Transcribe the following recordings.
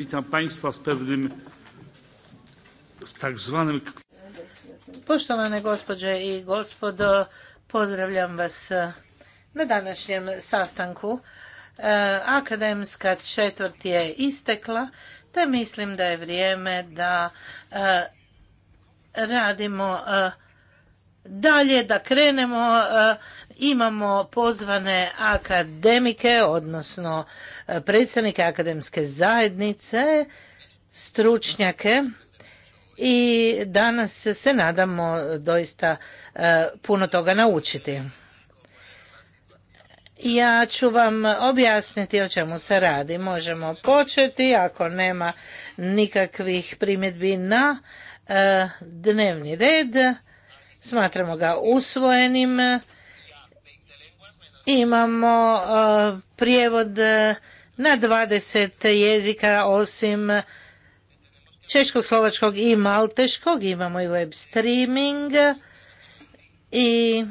Witam Państwa z pewnym z tak zwanym... Poštovane gospođe i gospodo, pozdravljam vas e, na današnjem sastanku. E, akademska četvrt je istekla, te mislim da je vrijeme da e, radimo Dalje da krenemo, e, imamo pozvane akademike, odnosno e, predstavnike akademske zajednice, stručnjake i danas se nadamo doista e, puno toga naučiti. Ja ću vam objasniti o čemu se radi. Možemo početi ako nema nikakvih primjedbi na dnevni red Smatramo ga usvojenim. Imamo e, prijevod na 20 jezika osim češkog, slovačkog i malteškog. Imamo i web streaming i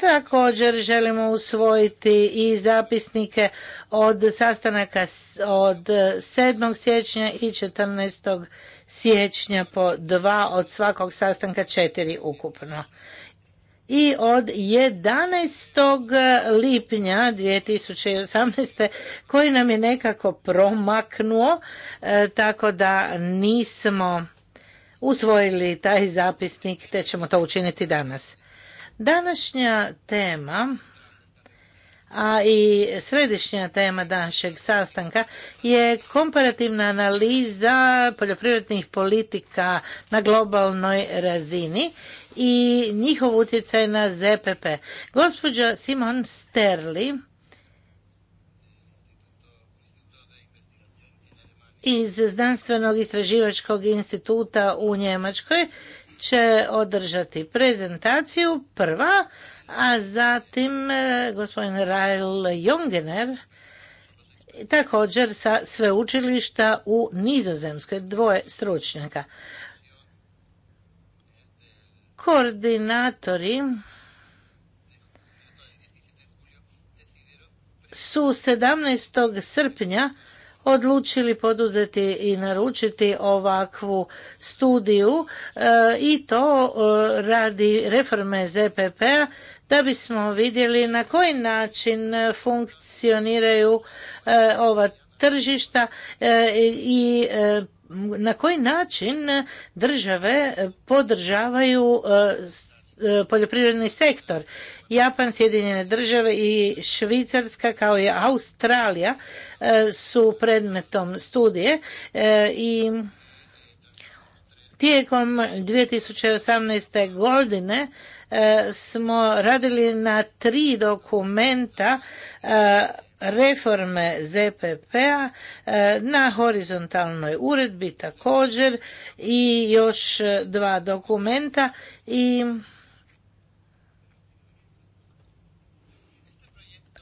Također želimo usvojiti i zapisnike od sastanaka od 7. siječnja i 14. siječnja po dva od svakog sastanka četiri ukupno. I od 11. lipnja 2018. koji nam je nekako promaknuo, e, tako da nismo usvojili taj zapisnik, te ćemo to učiniti danas. Današnja tema a i središnja tema današnjeg sastanka je komparativna analiza poljoprivrednih politika na globalnoj razini i njihov utjecaj na ZPP. Gospođa Simon Sterli iz Znanstvenog istraživačkog instituta u Njemačkoj će održati prezentaciju prva, a zatim e, gospodin Rael Jongener također sa sveučilišta u Nizozemskoj, dvoje stručnjaka. Koordinatori su 17. srpnja odlučili poduzeti i naručiti ovakvu studiju e, i to e, radi reforme ZPP-a da bismo vidjeli na koji način funkcioniraju e, ova tržišta i na koji način države podržavaju poljoprivredni sektor. Japan, Sjedinjene države i Švicarska kao i Australija e, su predmetom studije e, i tijekom 2018. godine e, smo radili na tri dokumenta reforme ZPP-a na horizontalnoj uredbi također i još dva dokumenta i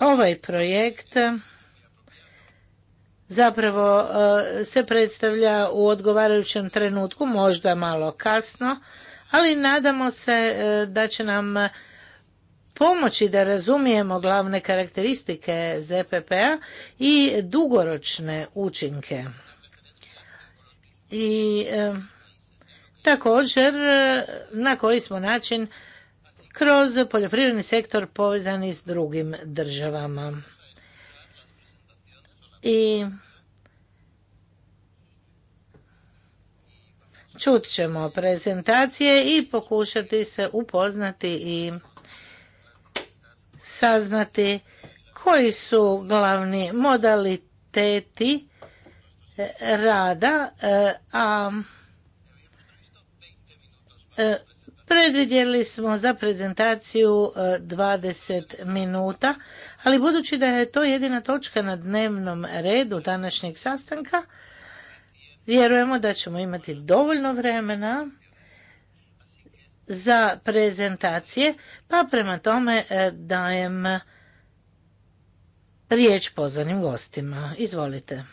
Ovaj projekt e, zapravo e, se predstavlja u odgovarajućem trenutku, možda malo kasno, ali nadamo se e, da će nam pomoći da razumijemo glavne karakteristike ZPP-a i dugoročne učinke. I također na koji smo način kroz poljoprivredni sektor povezani s drugim državama. I čut ćemo prezentacije i pokušati se upoznati i saznati koji su glavni modaliteti eh, rada, eh, a eh, Predvidjeli smo za prezentaciju 20 e, minuta, ali budući da je to jedina točka na dnevnom redu današnjeg sastanka, vjerujemo da ćemo imati dovoljno vremena za prezentacije, pa prema tome e, dajem riječ pozvanim gostima. Izvolite.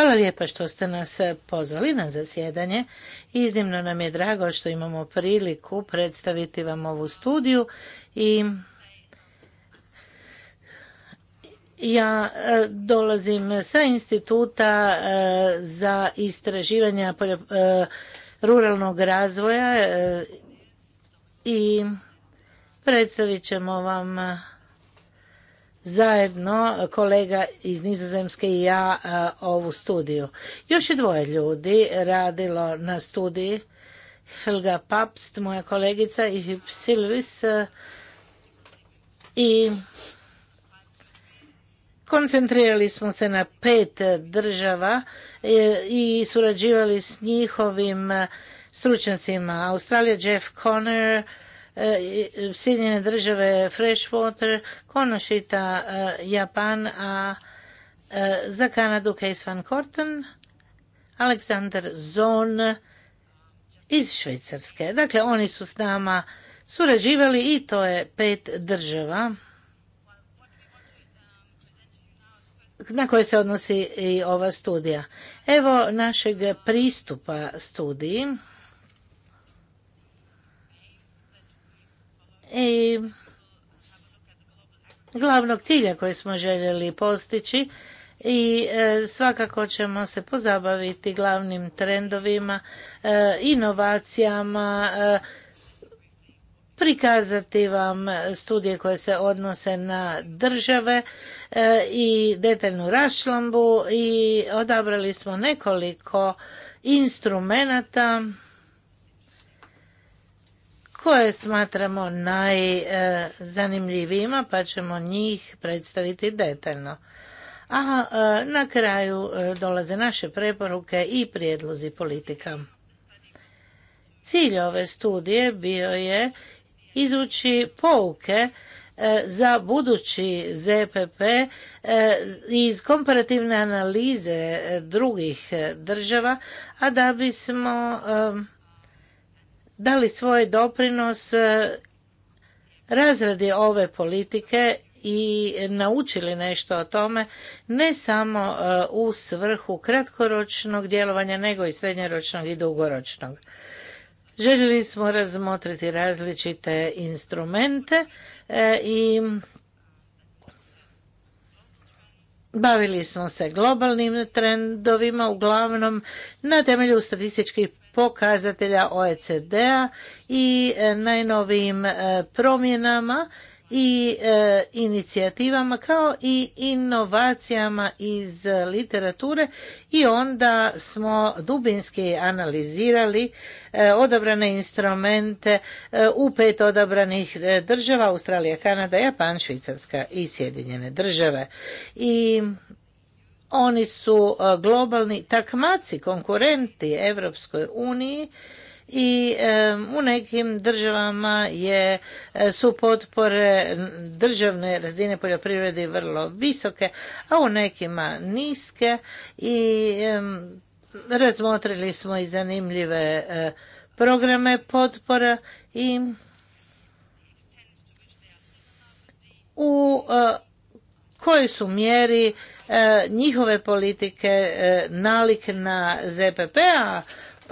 Hvala lijepa što ste nas eh, pozvali na zasjedanje. Iznimno nam je drago što imamo priliku predstaviti vam ovu studiju i ja eh, dolazim sa instituta eh, za istraživanje ruralnog razvoja i predstavit ćemo vam zajedno kolega iz Nizozemske i ja e, ovu studiju. Još je dvoje ljudi radilo na studiji. Helga Papst, moja kolegica i Silvis e, i koncentrirali smo se na pet država e, i surađivali s njihovim stručnjacima. Australija Jeff Conner, E, Sjedinjene države Freshwater, Konošita, e, Japan, a e, za Kanadu Case van Korten, Aleksandar Zon iz Švicarske. Dakle, oni su s nama surađivali i to je pet država na koje se odnosi i ova studija. Evo našeg pristupa studiji. i glavnog cilja koji smo željeli postići i e, svakako ćemo se pozabaviti glavnim trendovima, e, inovacijama, e, prikazati vam studije koje se odnose na države i detaljnu rašlambu i odabrali smo nekoliko instrumenata koje smatramo najzanimljivijima pa ćemo njih predstaviti detaljno. A e, na kraju e, dolaze naše preporuke i prijedlozi politika. Cilj ove studije bio je izvući pouke e, za budući ZPP iz komparativne analize drugih država, a da bismo dali svoj doprinos e, razradi ove politike i naučili nešto o tome, ne samo e, u svrhu kratkoročnog djelovanja, nego i srednjoročnog i dugoročnog. Željeli smo razmotriti različite instrumente e, i bavili smo se globalnim trendovima, uglavnom na temelju statističkih pokazatelja OECD-a i e, najnovijim e, promjenama i e, inicijativama kao i inovacijama iz literature i onda smo dubinski analizirali odabrane instrumente u pet odabranih država Australija, Kanada, Japan, Švicarska i Sjedinjene države. I oni su e, globalni takmaci, konkurenti Evropskoj uniji i e, u nekim državama je, e, su potpore državne razine poljoprivredi vrlo visoke, a u nekima niske i razmotrili smo i zanimljive programe potpora i u koje su mjeri e, njihove politike e, nalik na ZPP, a p-a,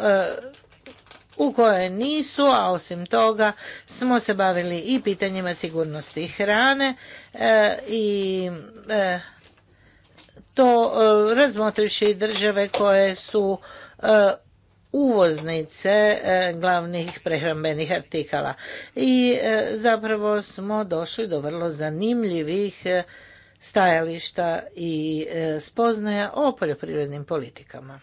e, u koje nisu, a osim toga smo se bavili i pitanjima sigurnosti hrane i to razmotriši države koje su uvoznice glavnih prehrambenih artikala. I zapravo smo došli do vrlo zanimljivih stajališta i e, spoznaja o poljoprivrednim politikama.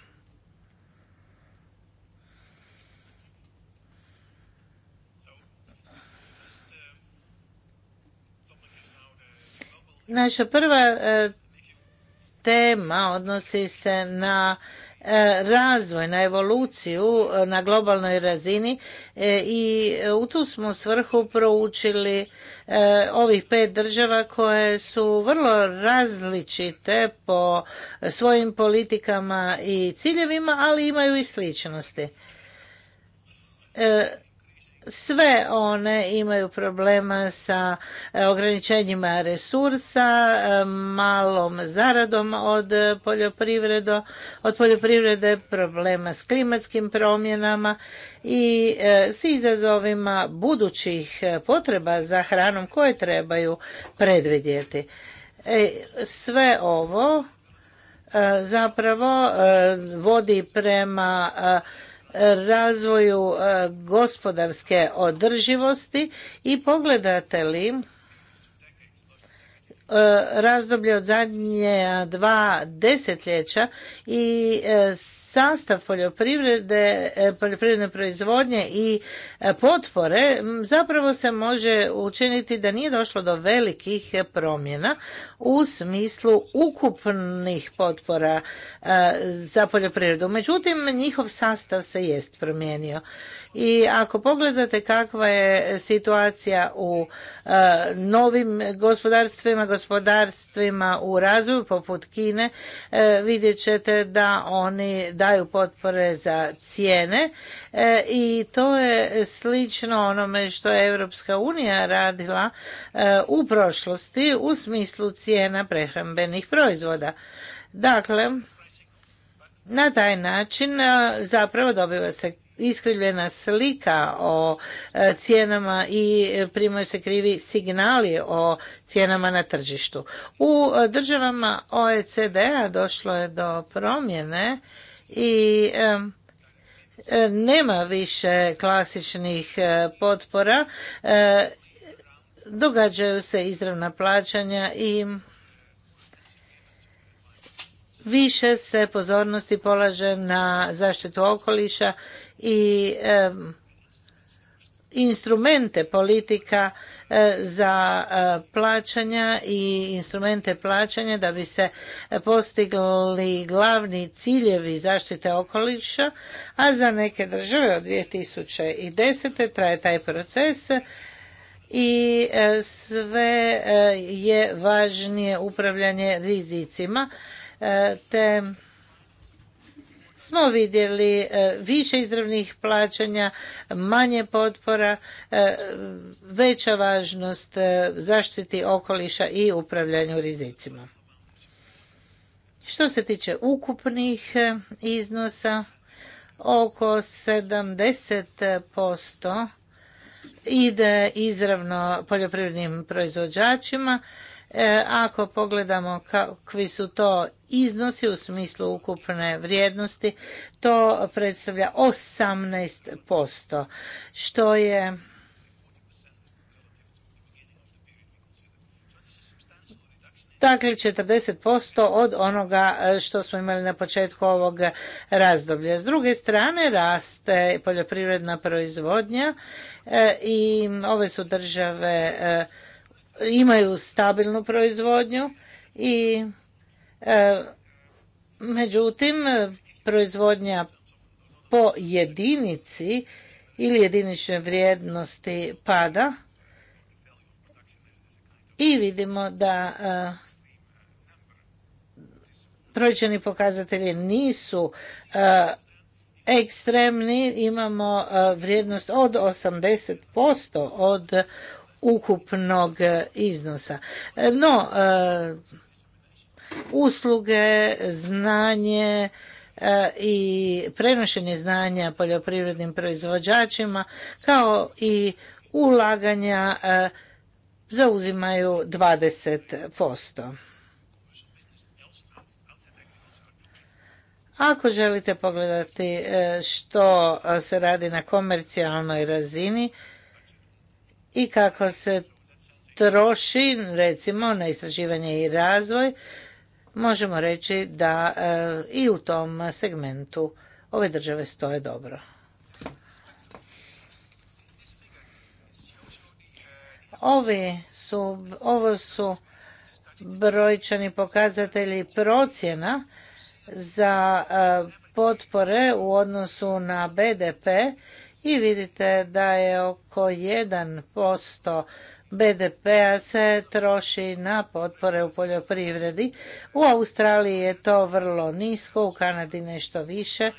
Naša prva e, tema odnosi se na E, razvoj, na evoluciju e, na globalnoj razini e, i u tu smo svrhu proučili ovih pet država koje su vrlo različite po svojim politikama i ciljevima, ali imaju i sličnosti sve one imaju problema sa e, ograničenjima resursa, e, malom zaradom od poljoprivrede, od poljoprivrede problema s klimatskim promjenama i e, s izazovima budućih potreba za hranom koje trebaju predvidjeti. Sve ovo zapravo vodi prema razvoju e, gospodarske održivosti i pogledate li e, razdoblje od zadnje dva desetljeća i e, sastav poljoprivrede, e, poljoprivredne proizvodnje i e, potpore zapravo se može učiniti da nije došlo do velikih e, promjena u smislu ukupnih potpora za poljoprivredu. Međutim, njihov sastav se jest promijenio i ako pogledate kakva je situacija u e, novim gospodarstvima, gospodarstvima u razvoju poput Kine, e, vidjet ćete da oni daju potpore za cijene e, i to je slično onome što je Europska unija radila u prošlosti u smislu cijena prehrambenih proizvoda. Dakle, na taj način zapravo dobiva se iskrivljena slika o e, cijenama i primaju se krivi signali o cijenama na tržištu. U državama OECD-a došlo je do promjene i e, e, nema više klasičnih potpora. Događaju se izravna plaćanja i više se pozornosti polaže na zaštitu okoliša i instrumente politika eh, za eh, plaćanja i instrumente plaćanja da bi se postigli glavni ciljevi zaštite okoliša, a za neke države od 2010. traje taj proces i eh, sve je važnije upravljanje rizicima te smo vidjeli e, više izravnih plaćanja, manje potpora, e, veća važnost e, zaštiti okoliša i upravljanju rizicima. Što se tiče ukupnih iznosa, oko 70% ide izravno poljoprivrednim proizvođačima E, ako pogledamo kakvi su to iznosi u smislu ukupne vrijednosti, to predstavlja 18%, što je dakle 40% od onoga e, što smo imali na početku ovog razdoblja. S druge strane raste poljoprivredna proizvodnja e, i ove su države imaju stabilnu proizvodnju i e, međutim proizvodnja po jedinici ili jedinične vrijednosti pada i vidimo da e, brojčani pokazatelji nisu e, ekstremni imamo vrijednost od 80% od ukupnog e, iznosa. No, e, usluge, znanje, e, i prenošenje znanja poljoprivrednim proizvođačima kao i ulaganja zauzimaju 20%. Ako želite pogledati što se radi na komercijalnoj razini, i kako se troši recimo na istraživanje i razvoj možemo reći da e, i u tom segmentu ove države stoje dobro. Ovi su, ovo su brojčani pokazatelji procjena za e, potpore u odnosu na BDP i vidite da je oko 1% BDP-a se troši na potpore u poljoprivredi. U Australiji je to vrlo nisko, u Kanadi nešto više,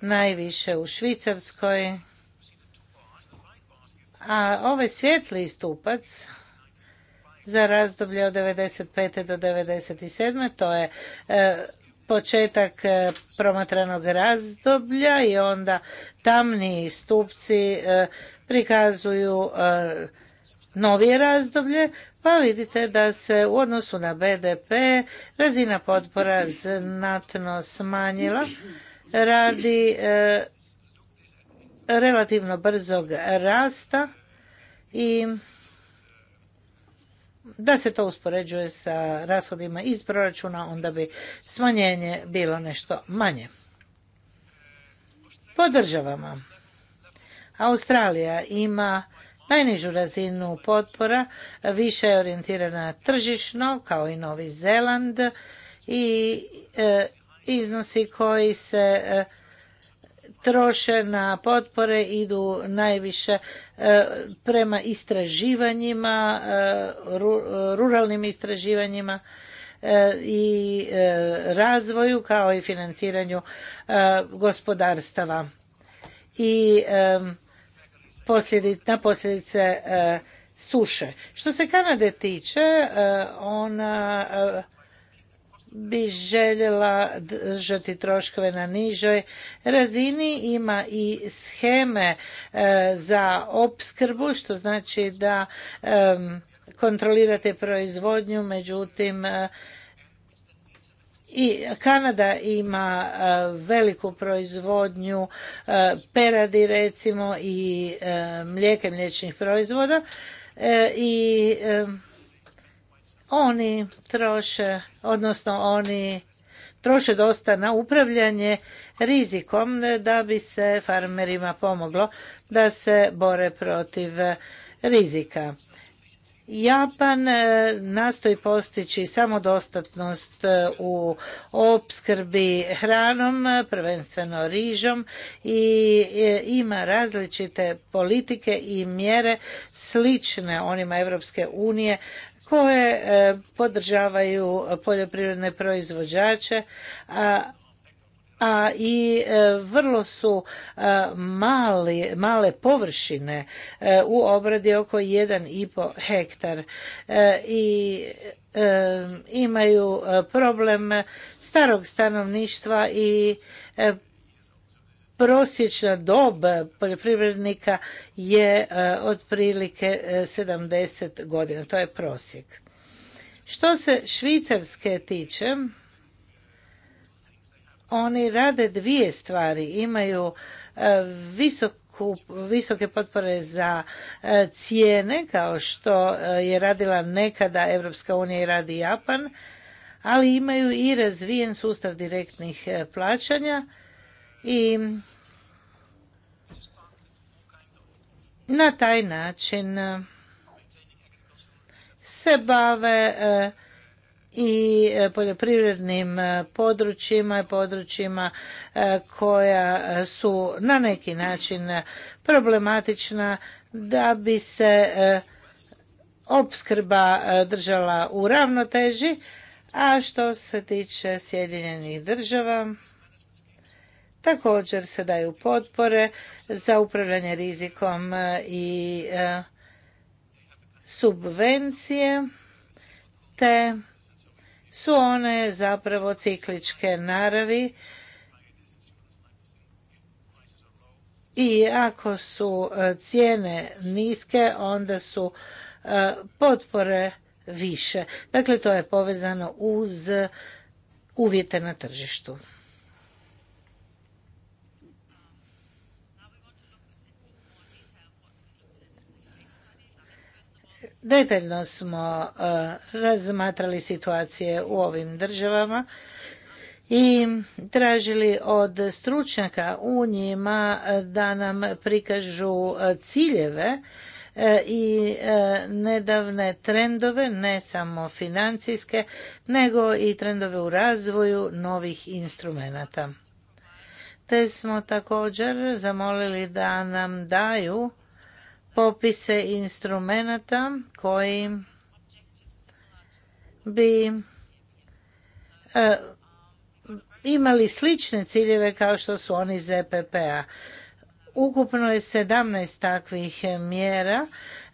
najviše u Švicarskoj. A ovaj svjetli stupac za razdoblje od 95. do 97. to je e, početak e, promatranog razdoblja i onda tamni stupci e, prikazuju e, novije razdoblje, pa vidite da se u odnosu na BDP razina potpora znatno smanjila radi relativno brzog rasta i da se to uspoređuje sa rashodima iz proračuna, onda bi smanjenje bilo nešto manje. Po državama. Australija ima najnižu razinu potpora, više je orijentirana tržišno, kao i Novi Zeland, i e, iznosi koji se e, troše na potpore idu najviše e, prema istraživanjima, e, ruralnim istraživanjima e, i razvoju kao i financiranju gospodarstava. I na posljedice suše. Što se Kanade tiče, ona bi željela držati troškove na nižoj razini. Ima i scheme e, za opskrbu, što znači da kontrolirate proizvodnju, međutim e, i Kanada ima e, veliku proizvodnju peradi recimo i mlijeka i mliječnih proizvoda i oni troše, odnosno oni troše dosta na upravljanje rizikom da bi se farmerima pomoglo da se bore protiv rizika. Japan e, nastoji postići samodostatnost e, u opskrbi hranom, prvenstveno rižom i e, ima različite politike i mjere slične onima Europske unije koje e, podržavaju poljoprivredne proizvođače, a, i e, vrlo su e, male površine u obradi oko 1,5 hektar i imaju problem starog stanovništva i prosječna dob poljoprivrednika je e, otprilike 70 e, godina, to je prosjek. Što se Švicarske tiče, oni rade dvije stvari. Imaju e, visoke potpore za cijene, kao što je radila nekada Evropska unija i radi Japan, ali imaju i razvijen sustav direktnih plaćanja i na taj način e, se bave e, i e, poljoprivrednim područjima i područjima koja su na neki način problematična da bi se opskrba držala u ravnoteži a što se tiče Sjedinjenih država Također se daju potpore za upravljanje rizikom e, i e, subvencije, te su one zapravo cikličke naravi i ako su e, cijene niske, onda su potpore više. Dakle, to je povezano uz uvjete na tržištu. Detaljno smo e, razmatrali situacije u ovim državama i tražili od stručnjaka u njima e, da nam prikažu e, ciljeve i nedavne trendove, ne samo financijske, nego i trendove u razvoju novih instrumenata. Te smo također zamolili da nam daju popise instrumenata koji bi eh, imali slične ciljeve kao što su oni ZPP-a. E Ukupno je 17 takvih mjera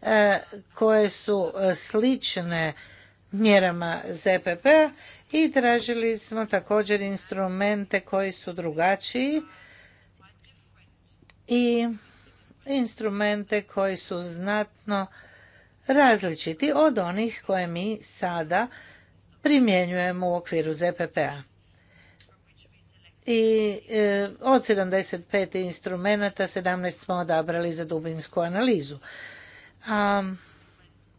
eh, koje su slične mjerama ZPP-a e i tražili smo također instrumente koji su drugačiji i instrumente koji su znatno različiti od onih koje mi sada primjenjujemo u okviru ZPP-a. I e, od 75 instrumenata 17 smo odabrali za dubinsku analizu. A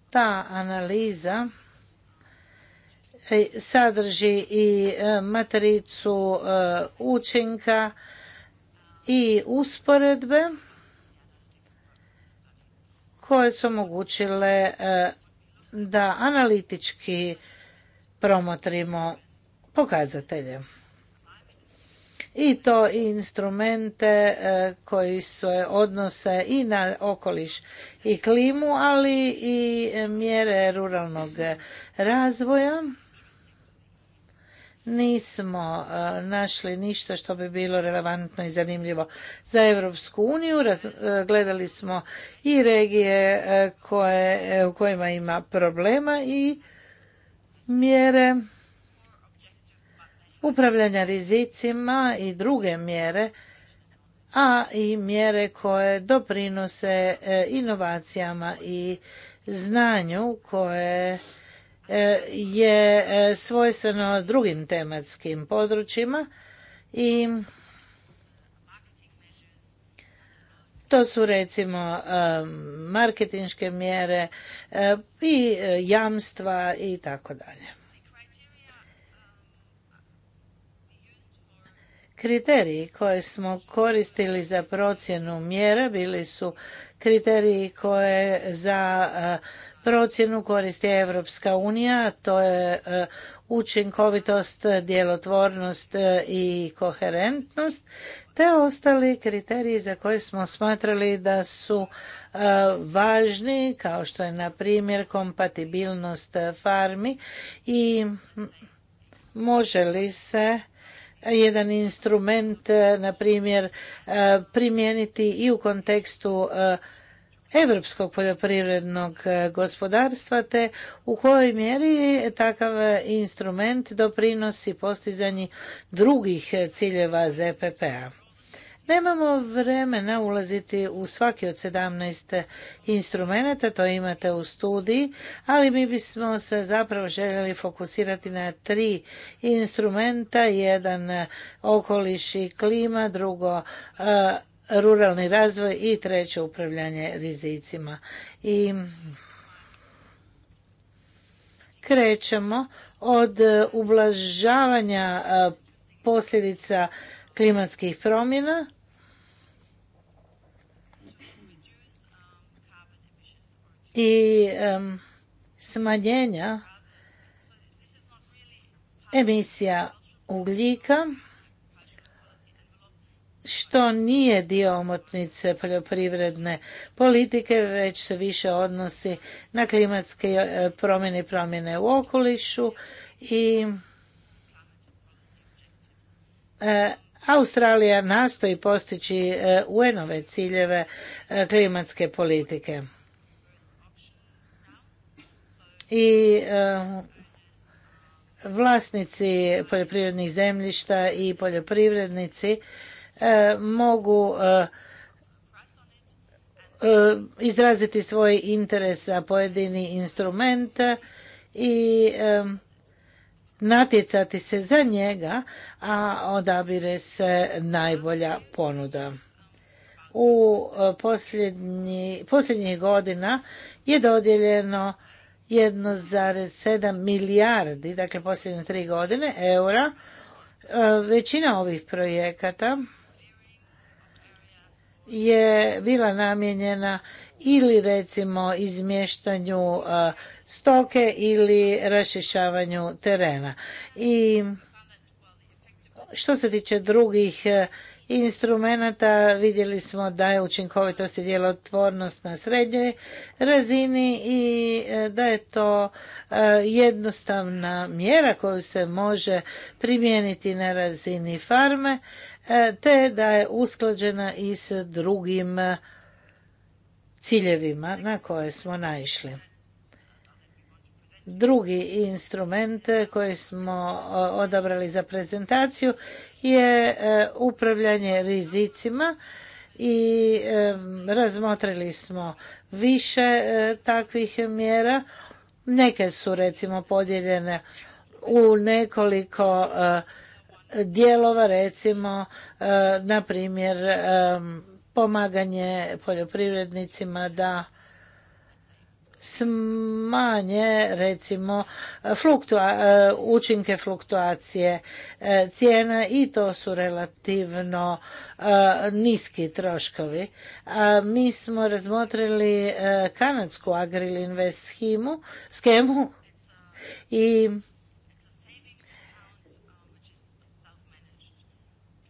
ta analiza e, sadrži i e, matricu učinka i usporedbe koje su omogućile e, da analitički promotrimo pokazatelje. I to i instrumente e, koji se odnose i na okoliš i klimu, ali i mjere ruralnog razvoja nismo e, našli ništa što bi bilo relevantno i zanimljivo za Europsku uniju. E, gledali smo i regije e, u kojima ima problema i mjere upravljanja rizicima i druge mjere, a i mjere koje doprinose inovacijama i znanju koje E, je e, svojstveno drugim tematskim područjima i to su recimo e, marketinške mjere i jamstva i tako dalje. Kriteriji koje smo koristili za procjenu mjera bili su kriteriji koje za procjenu koristi Evropska unija, to je e, učinkovitost, djelotvornost e, i koherentnost, te ostali kriteriji za koje smo smatrali da su e, važni, kao što je na primjer kompatibilnost farmi i može li se jedan instrument na primjer primijeniti i u kontekstu europskog poljoprivrednog e, gospodarstva te u kojoj mjeri takav instrument doprinosi postizanju drugih ciljeva ZPP-a. Nemamo vremena ulaziti u svaki od 17 instrumenta, to imate u studiji, ali mi bismo se zapravo željeli fokusirati na tri instrumenta, jedan okoliš i klima, drugo e, ruralni razvoj i treće upravljanje rizicima. I krećemo od e, ublažavanja e, posljedica klimatskih promjena i smanjenja emisija ugljika što nije dio omotnice poljoprivredne politike, već se više odnosi na klimatske e, promjene i promjene u okolišu i e, Australija nastoji postići e, UN-ove ciljeve klimatske politike. I vlasnici poljoprivrednih zemljišta i poljoprivrednici E, mogu e, e, izraziti svoj interes za pojedini instrument i natjecati se za njega, a odabire se najbolja ponuda. U posljednjih godina je dodijeljeno 1,7 milijardi, dakle posljednje tri godine, eura. Većina ovih projekata je bila namijenjena ili recimo izmještanju e, stoke ili rašišavanju terena. I što se tiče drugih e, instrumenata vidjeli smo da je učinkovitost i djelotvornost na srednjoj razini i e, da je to jednostavna mjera koju se može primijeniti na razini farme E, te da je usklađena i s drugim e, ciljevima na koje smo naišli. Drugi instrument koji smo e, odabrali za prezentaciju je upravljanje rizicima i razmotrili smo više takvih mjera. Neke su recimo podijeljene u nekoliko dijelova, recimo, e, na primjer, e, pomaganje poljoprivrednicima da smanje recimo fluktua, e, učinke fluktuacije cijena i to su relativno niski troškovi. mi smo razmotrili kanadsku agrilinvest schemu, skemu i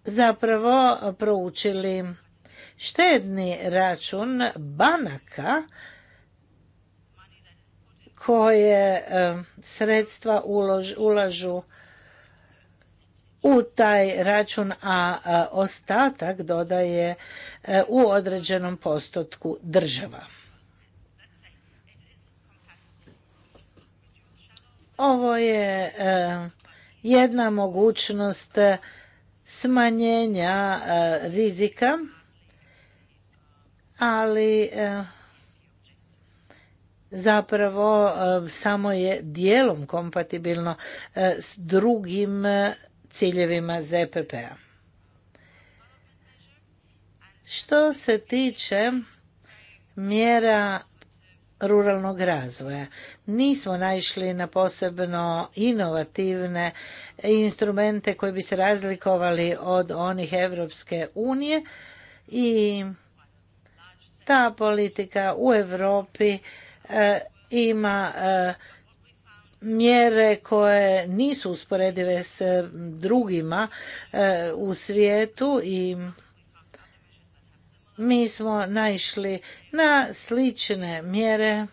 zapravo proučili štedni račun banaka koje e, sredstva ulažu u taj račun, a ostatak dodaje e, u određenom postotku država. Ovo je e, jedna mogućnost smanjenja e, rizika, ali e, zapravo e, samo je dijelom kompatibilno s drugim ciljevima ZPP-a. Što se tiče mjera ruralnog razvoja. Nismo naišli na posebno inovativne instrumente koji bi se razlikovali od onih Evropske unije i ta politika u Europi e, ima e, mjere koje nisu usporedive s drugima e, u svijetu i mi smo naišli na slične mjere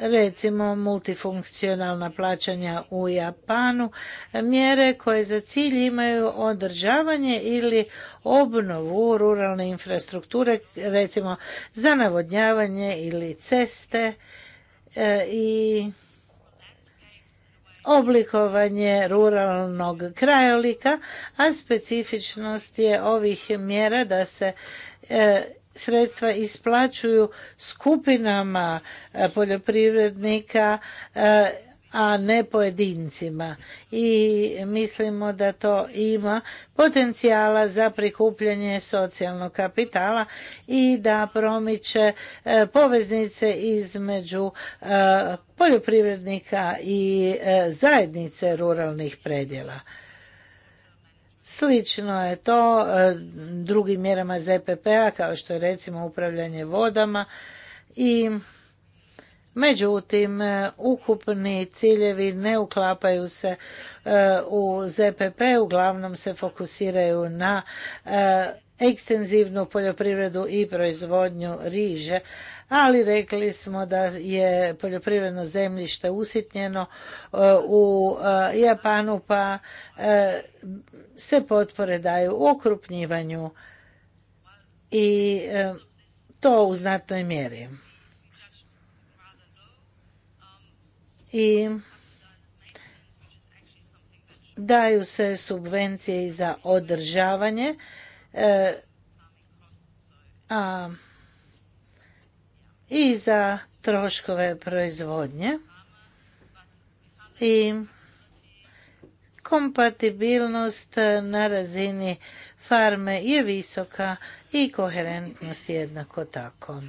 recimo multifunkcionalna plaćanja u Japanu, mjere koje za cilj imaju održavanje ili obnovu ruralne infrastrukture, recimo za navodnjavanje ili ceste e, i oblikovanje ruralnog krajolika, a specifičnost je ovih mjera da se e, sredstva isplaćuju skupinama e, poljoprivrednika e, a ne pojedincima i mislimo da to ima potencijala za prikupljanje socijalnog kapitala i da promiče e, poveznice između e, poljoprivrednika i e, zajednice ruralnih predjela. Slično je to drugim mjerama ZPP-a kao što je recimo upravljanje vodama i Međutim, e, ukupni ciljevi ne uklapaju se e, u ZPP, uglavnom se fokusiraju na e, ekstenzivnu poljoprivredu i proizvodnju riže, ali rekli smo da je poljoprivredno zemljište usitnjeno u Japanu pa se potpore daju u okrupnjivanju i to u znatnoj mjeri. i daju se subvencije i za održavanje e, a i za troškove proizvodnje i kompatibilnost na razini farme je visoka i koherentnost jednako tako.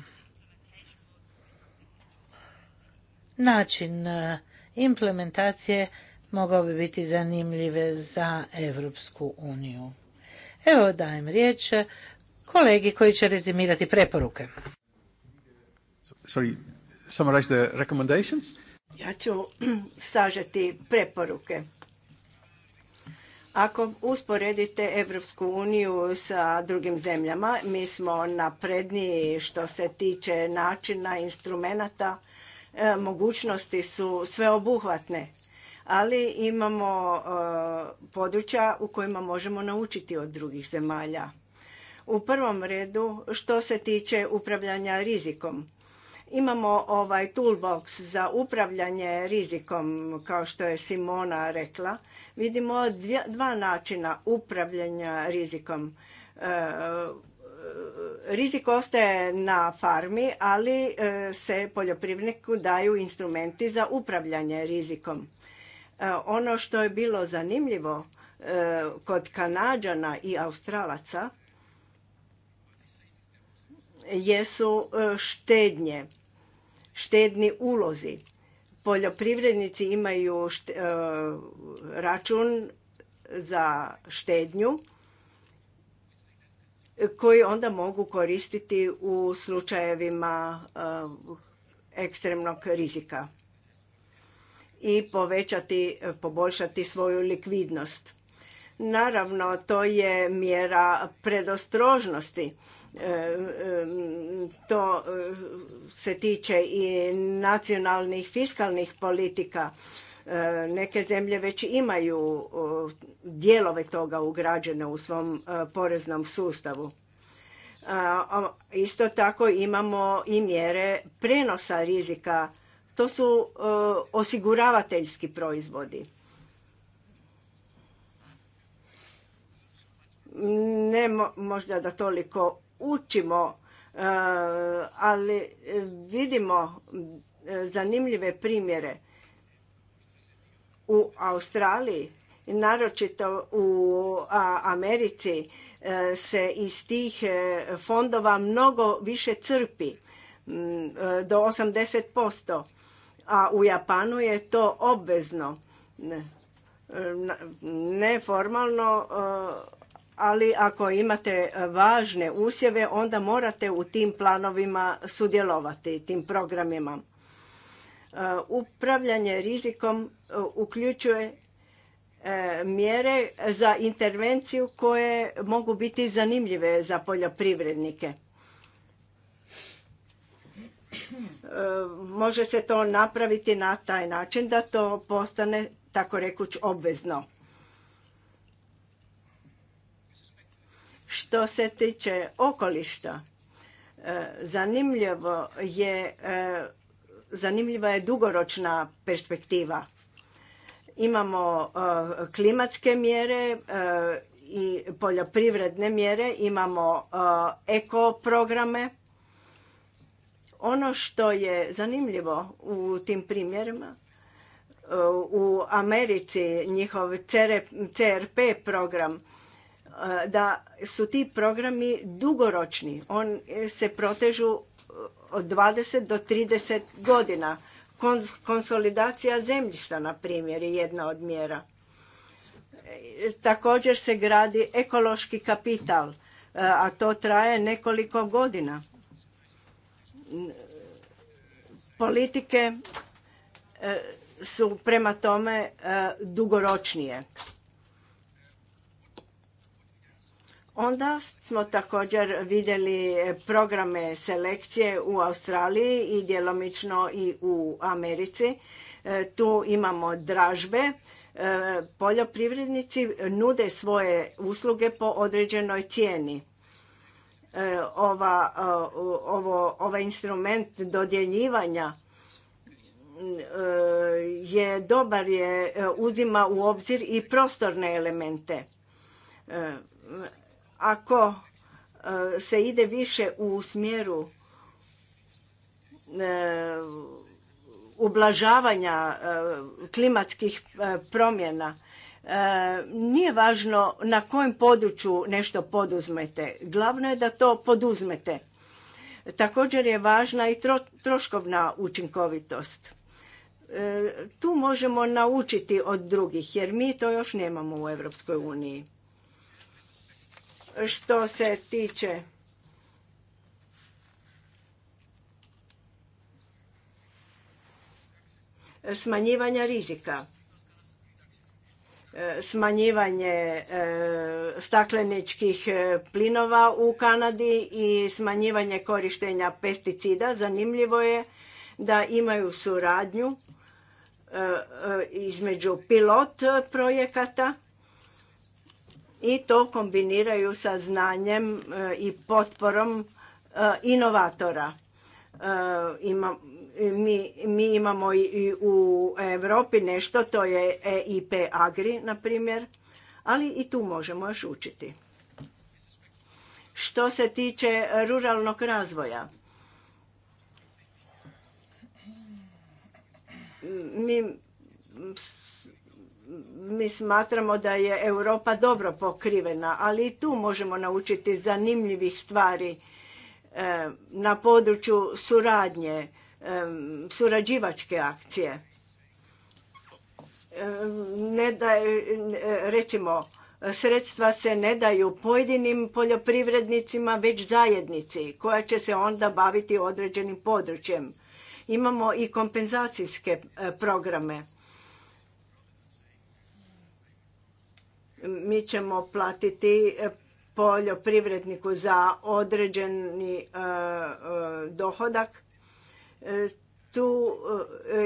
način e, implementacije mogao bi biti zanimljive za Europsku uniju. Evo dajem riječ kolegi koji će rezimirati preporuke. Ja ću sažeti preporuke. Ako usporedite Evropsku uniju sa drugim zemljama, mi smo napredniji što se tiče načina, instrumenata, E, mogućnosti su sveobuhvatne, ali imamo e, područja u kojima možemo naučiti od drugih zemalja. U prvom redu što se tiče upravljanja rizikom. Imamo ovaj toolbox za upravljanje rizikom, kao što je Simona rekla. Vidimo dva načina upravljanja rizikom. E, rizik ostaje na farmi, ali e, se poljoprivredniku daju instrumenti za upravljanje rizikom. E, ono što je bilo zanimljivo e, kod Kanađana i Australaca jesu štednje, štedni ulozi. Poljoprivrednici imaju račun za štednju koji onda mogu koristiti u slučajevima e, ekstremnog rizika i povećati, e, poboljšati svoju likvidnost. Naravno, to je mjera predostrožnosti. E, to se tiče i nacionalnih fiskalnih politika E, neke zemlje već imaju dijelove toga ugrađene u svom e, poreznom sustavu. Isto tako imamo i mjere prenosa rizika. To su osiguravateljski proizvodi. Ne možda da toliko učimo, e, ali vidimo zanimljive primjere u Australiji, naročito u Americi e, se iz tih e, fondova mnogo više crpi e, do 80%, a u Japanu je to obvezno. Neformalno, ali ako imate važne usjeve, onda morate u tim planovima sudjelovati, tim programima. E, upravljanje rizikom e, uključuje e, mjere za intervenciju koje mogu biti zanimljive za poljoprivrednike. Može se to napraviti na taj način da to postane tako rekuć obvezno. Što se tiče okolišta, zanimljivo je zanimljiva je dugoročna perspektiva. Imamo e, klimatske mjere e, i poljoprivredne mjere, imamo e, eko programe. Ono što je zanimljivo u tim primjerima, u Americi njihov CRP program, da su ti programi dugoročni. On se protežu od 20 do 30 godina. Konsolidacija zemljišta, na primjer, je jedna od mjera. E, također se gradi ekološki kapital, e, a to traje nekoliko godina. Politike e, su prema tome dugoročnije. Onda smo također vidjeli programe selekcije u Australiji i djelomično i u Americi. E, tu imamo dražbe. E, poljoprivrednici nude svoje usluge po određenoj cijeni. E, ova, ovo, ovaj instrument dodjeljivanja je dobar je uzima u obzir i prostorne elemente ako e, se ide više u smjeru e, ublažavanja e, klimatskih promjena, nije važno na kojem području nešto poduzmete. Glavno je da to poduzmete. Također je važna i troškovna učinkovitost. Tu možemo naučiti od drugih jer mi to još nemamo u Europskoj uniji što se tiče smanjivanja rizika e, smanjivanje e, stakleničkih e, plinova u Kanadi i smanjivanje korištenja pesticida. Zanimljivo je da imaju suradnju između pilot projekata i to kombiniraju sa znanjem e, i potporom e, inovatora. E, mi, imamo i u Europi nešto, to je EIP Agri, na primjer, ali i tu možemo još učiti. Što se tiče ruralnog razvoja, mi mi smatramo da je Europa dobro pokrivena, ali i tu možemo naučiti zanimljivih stvari e, na području suradnje, e, surađivačke akcije. E, ne da, recimo, sredstva se ne daju pojedinim poljoprivrednicima, već zajednici koja će se onda baviti određenim područjem. Imamo i kompenzacijske programe Mi ćemo platiti eh, poljoprivredniku za određeni eh, eh, dohodak. Tu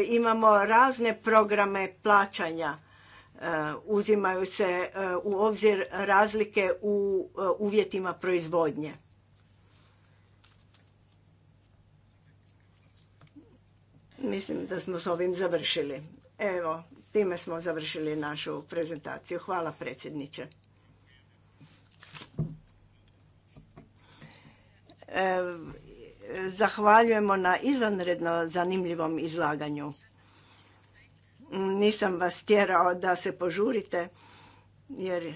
imamo razne programe plaćanja. Uzimaju se u obzir razlike u uvjetima proizvodnje. Mislim da smo s ovim završili. Evo, time smo završili našu prezentaciju. Hvala predsjedniče. zahvaljujemo na izvanredno zanimljivom izlaganju. Nisam vas tjerao da se požurite jer,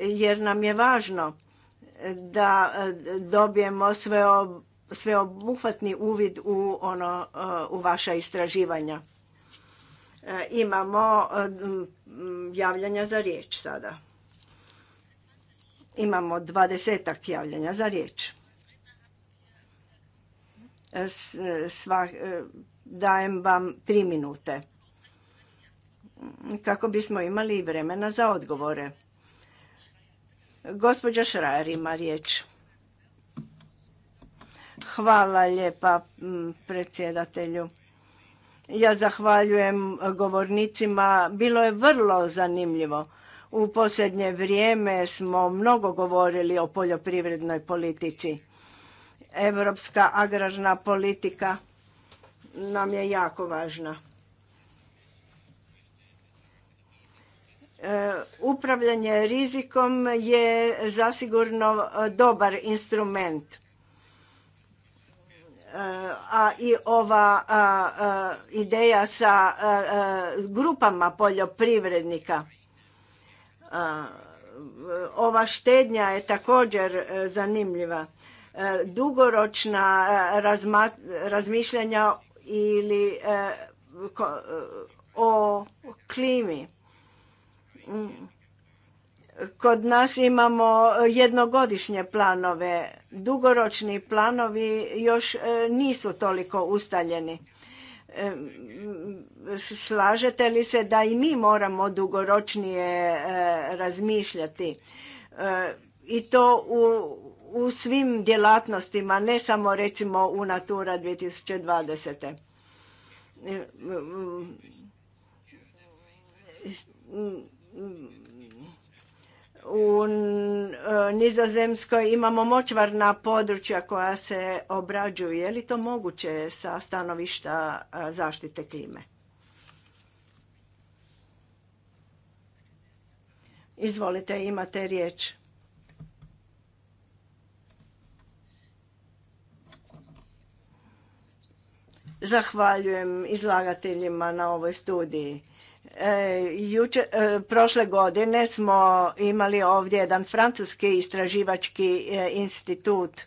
jer nam je važno da e, dobijemo sveobuhvatni uvid u ono e, u vaša istraživanja. E, imamo e, javljanja za riječ sada. Imamo dvadesetak javljanja za riječ. E, dajem vam tri minute kako bismo imali vremena za odgovore. Gospođa Šrajer ima riječ. Hvala lijepa predsjedatelju. Ja zahvaljujem eh, govornicima. Bilo je vrlo zanimljivo. U posljednje vrijeme smo mnogo govorili o poljoprivrednoj politici. Europska agrarna politika nam je jako važna. Eh, upravljanje rizikom je zasigurno eh, dobar instrument a i ova ideja sa grupama poljoprivrednika ova štednja je također e, zanimljiva e, dugoročna e, razmišljanja ili o klimi mm. Kod nas imamo e, jednogodišnje planove, dugoročni planovi još e, nisu toliko ustaljeni. E, slažete li se da i mi moramo dugoročnije razmišljati i to u, u svim djelatnostima, ne samo recimo u Natura 2020 u e, Nizozemskoj imamo močvarna područja koja se obrađuju. Je li to moguće sa stanovišta e, zaštite klime? Izvolite, imate riječ. Zahvaljujem izlagateljima na ovoj studiji. E, juče, e, prošle godine smo imali ovdje jedan francuski istraživački e, institut.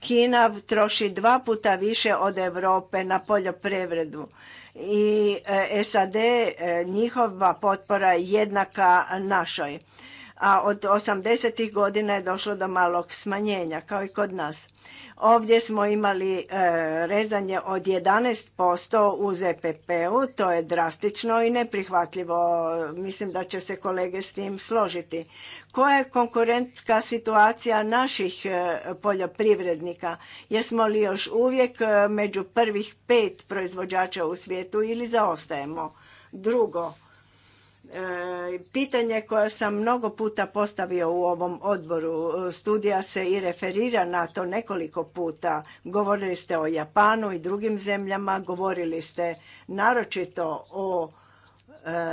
Kina troši dva puta više od Europe na poljoprivredu i SAD njihova potpora je jednaka našoj a od 80. godina je došlo do malog smanjenja, kao i kod nas. Ovdje smo imali e, rezanje od 11% u ZPP-u, to je drastično i neprihvatljivo. Mislim da će se kolege s tim složiti. Koja je konkurentska situacija naših e, poljoprivrednika? Jesmo li još uvijek e, među prvih pet proizvođača u svijetu ili zaostajemo? Drugo, E, pitanje koje sam mnogo puta postavio u ovom odboru. E, studija se i referira na to nekoliko puta. Govorili ste o Japanu i drugim zemljama, govorili ste naročito o e,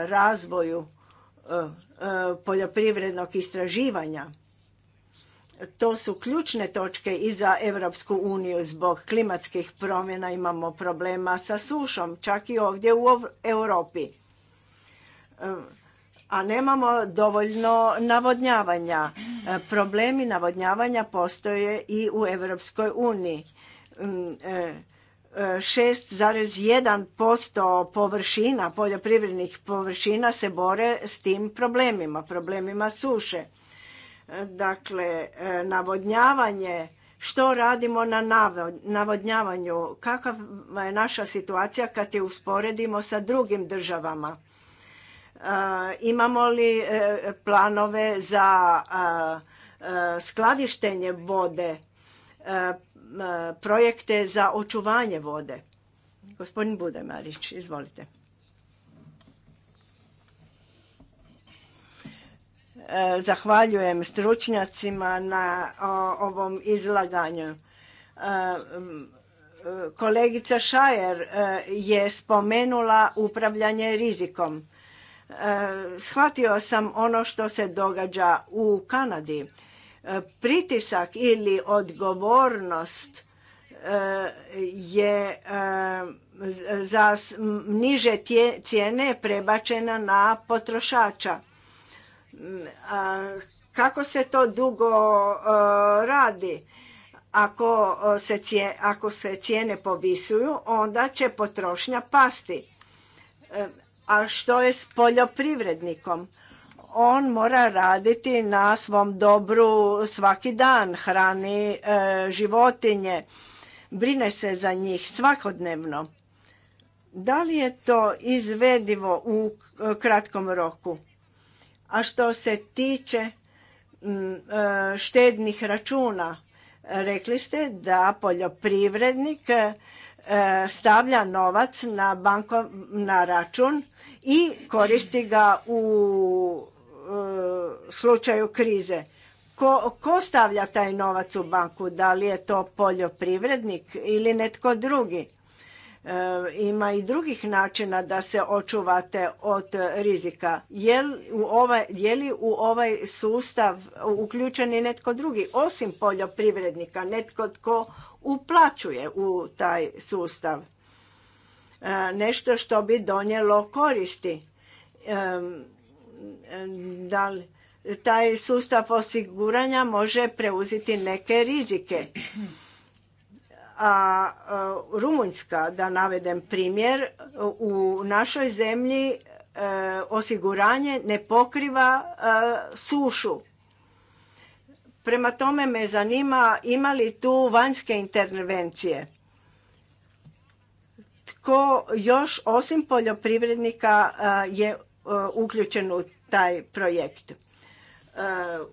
razvoju poljoprivrednog istraživanja. To su ključne točke i za Europsku uniju zbog klimatskih promjena imamo problema sa sušom, čak i ovdje u Europi a nemamo dovoljno navodnjavanja. E, problemi navodnjavanja postoje i u Europskoj uniji. 6,1% mm, e, e, površina, poljoprivrednih površina se bore s tim problemima, problemima suše. Dakle, navodnjavanje, što radimo na navodnjavanju, kakva je naša situacija kad je usporedimo sa drugim državama Imamo li e, planove za e, skladištenje vode, e, projekte za očuvanje vode? Gospodin Budemarić, izvolite. Zahvaljujem stručnjacima na ovom izlaganju. Kolegica Šajer je spomenula upravljanje rizikom. E, shvatio sam ono što se događa u Kanadi. E, pritisak ili odgovornost e, je za niže cijene prebačena na potrošača. Kako se to dugo radi? Ako se, cijene, ako se cijene povisuju, onda će potrošnja pasti. A što je s poljoprivrednikom? On mora raditi na svom dobru svaki dan, hrani e, životinje, brine se za njih svakodnevno. Da li je to izvedivo u kratkom roku? A što se tiče e, štednih računa, rekli ste da poljoprivrednik E, stavlja novac na, na račun i koristi ga u e, slučaju krize. Ko, ko stavlja taj novac u banku? Da li je to poljoprivrednik ili netko drugi? E, ima i drugih načina da se očuvate od rizika. Je li u ovaj, je li u ovaj sustav uključen i netko drugi, osim poljoprivrednika, netko tko uplaćuje u taj sustav. E, nešto što bi donijelo koristi. E, da taj sustav osiguranja može preuzeti neke rizike. A e, Rumunjska, da navedem primjer, u našoj zemlji osiguranje ne pokriva sušu Prema tome me zanima ima li tu vanjske intervencije. Tko još osim poljoprivrednika e, je e, uključen u taj projekt? E,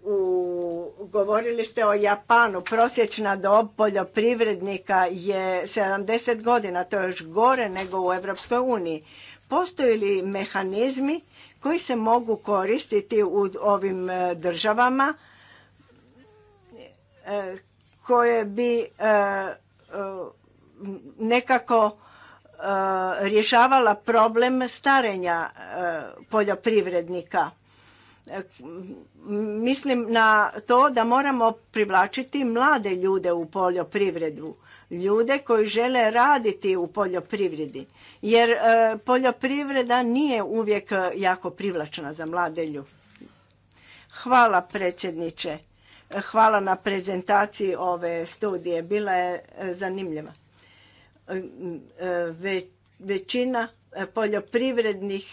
u, govorili ste o Japanu, prosječna dob poljoprivrednika je 70 godina, to je još gore nego u Europskoj uniji. Postoje li mehanizmi koji se mogu koristiti u ovim državama koje bi e, e, nekako e, rješavala problem starenja poljoprivrednika. Mislim na to da moramo privlačiti mlade ljude u poljoprivredu, ljude koji žele raditi u poljoprivredi, jer poljoprivreda nije uvijek jako privlačna za mlade ljude. Hvala predsjedniče. Hvala na prezentaciji ove studije, bila je zanimljiva. Većina poljoprivrednih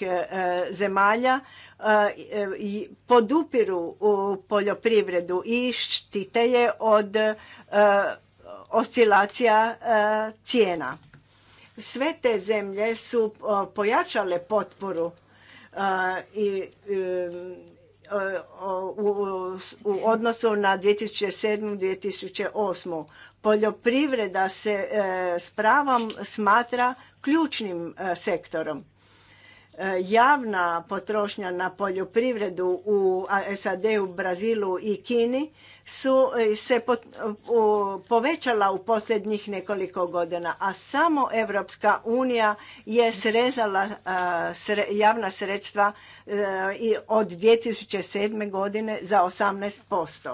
zemalja podupiru u poljoprivredu i štite je od e, oscilacija e, cijena. Sve te zemlje su e, pojačale potporu i u, odnosu na 2007. 2008. Poljoprivreda se e, s pravom smatra ključnim e, sektorom. E, javna potrošnja na poljoprivredu u SAD-u, Brazilu i Kini su se povećala u posljednjih nekoliko godina, a samo Evropska unija je srezala javna sredstva i od 2007. godine za 18%.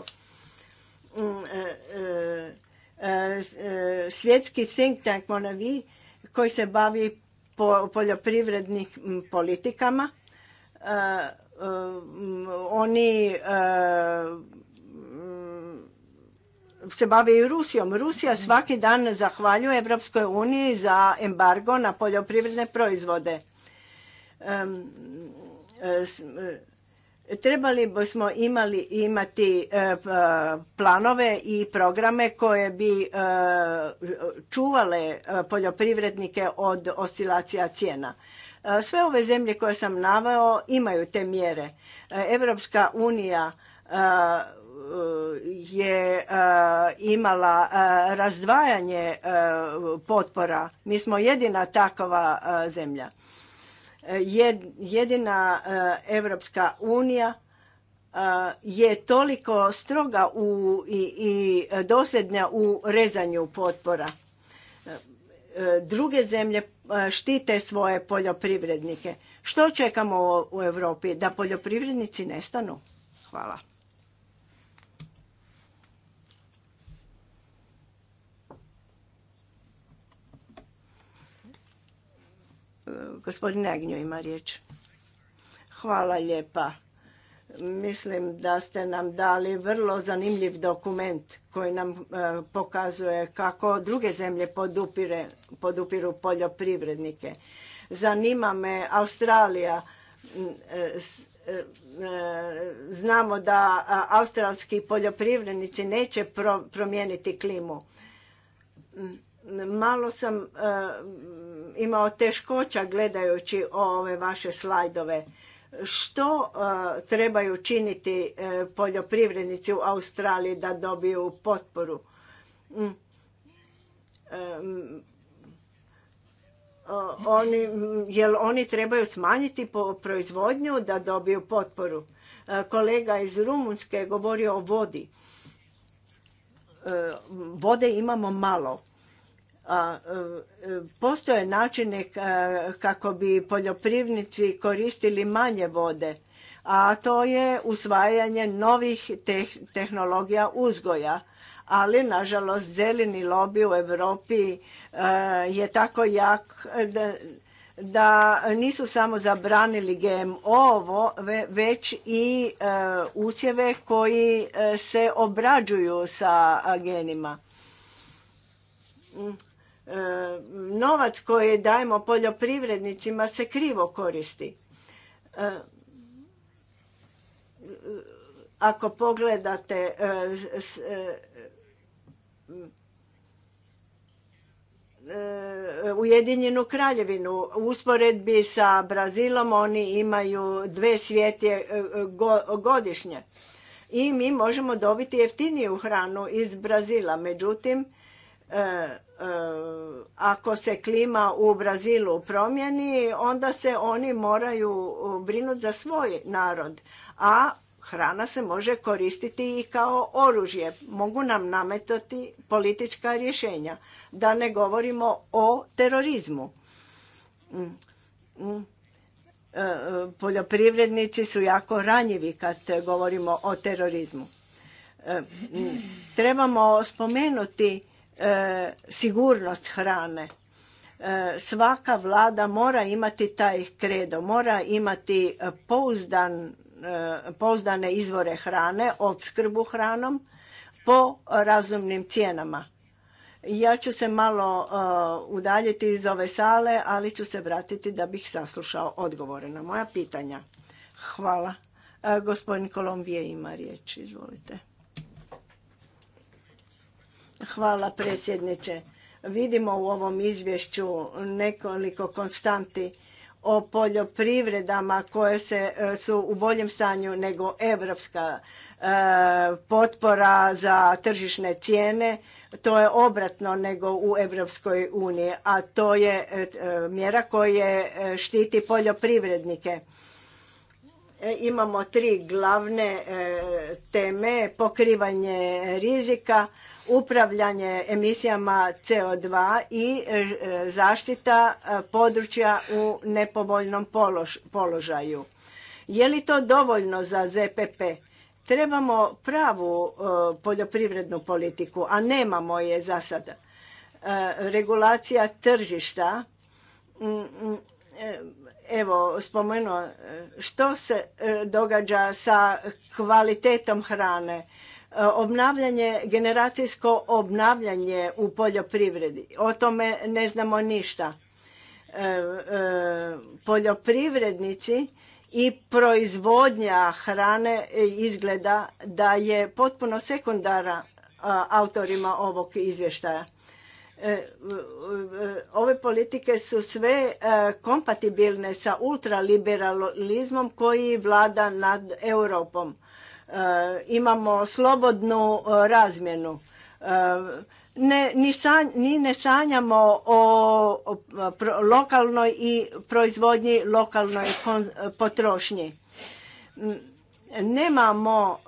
Mm, e, e, e, svjetski think tank Monavi koji se bavi poljoprivrednim politikama oni se bave i Rusijom. Rusija svaki dan zahvaljuje Europskoj uniji za embargo na poljoprivredne proizvode. E, e, trebali bismo imali imati e, planove i programe koje bi čuvale poljoprivrednike od oscilacija cijena. Sve ove zemlje koje sam naveo imaju te mjere. Evropska unija je imala razdvajanje potpora. Mi smo jedina takova zemlja jedina e, Evropska unija e, je toliko stroga i, i u rezanju potpora. E, druge zemlje štite svoje poljoprivrednike. Što čekamo u Europi? Da poljoprivrednici nestanu? Hvala. Gospodin Agnjo ima riječ. Hvala lijepa. Mislim da ste nam dali vrlo zanimljiv dokument koji nam e, pokazuje kako druge zemlje podupire, podupiru poljoprivrednike. Zanima me Australija. Mm, e, e, znamo da australski poljoprivrednici neće promijeniti klimu. Mm, Malo sam e, imao teškoća gledajući ove vaše slajdove. Što e, trebaju činiti e, poljoprivrednici u Australiji da dobiju potporu? Mm. Mm, oni, jel oni trebaju smanjiti po proizvodnju da dobiju potporu? Kolega iz Rumunjske je govorio o vodi. Vode imamo malo E, postoje načine kako bi poljoprivrednici koristili manje vode, a to je usvajanje novih tehnologija uzgoja. Ali, nažalost, zeleni lobby u Europi e, je tako jak da nisu samo zabranili GMO, već i e, usjeve koji se obrađuju sa genima novac koji dajemo poljoprivrednicima se krivo koristi. E, ako pogledate e, e, Ujedinjenu kraljevinu. U usporedbi sa Brazilom oni imaju dve svijetje godišnje. I mi možemo dobiti jeftiniju hranu iz Brazila. Međutim, E, e, ako se klima u Brazilu promjeni, onda se oni moraju brinuti za svoj narod. A hrana se može koristiti i kao oružje. Mogu nam nametati politička rješenja. Da ne govorimo o terorizmu. Mm, mm. E, poljoprivrednici su jako ranjivi kad govorimo o terorizmu. Mm. Trebamo spomenuti E, sigurnost hrane. E, svaka vlada mora imati taj kredo, mora imati pouzdan, e, pouzdane izvore hrane, opskrbu hranom po razumnim cijenama. Ja ću se malo udaljiti iz ove sale, ali ću se vratiti da bih saslušao odgovore na moja pitanja. Hvala. Uh, gospodin Kolombije ima riječ, izvolite. Hvala predsjedniče. Vidimo u ovom izvješću nekoliko konstanti o poljoprivredama koje se, e, su u boljem stanju nego evropska e, potpora za tržišne cijene. To je obratno nego u Evropskoj uniji, a to je e, mjera koja štiti poljoprivrednike. imamo tri glavne teme, pokrivanje rizika, upravljanje emisijama CO2 i e, zaštita e, područja u nepovoljnom položaju. Je li to dovoljno za ZPP? Trebamo pravu e, poljoprivrednu politiku, a nemamo je za sada. Regulacija tržišta, mm, mm, evo spomenuo, što se događa sa kvalitetom hrane? E, obnavljanje, generacijsko obnavljanje u poljoprivredi. O tome ne znamo ništa. E, e, poljoprivrednici i proizvodnja hrane izgleda da je potpuno sekundara autorima ovog izvještaja. Ove politike su sve kompatibilne sa ultraliberalizmom koji vlada nad Europom Eh, imamo slobodnu eh, razmjenu. Eh, ne, ni, ne sanjamo o, lokalnoj i proizvodnji, lokalnoj potrošnji. Mm, nemamo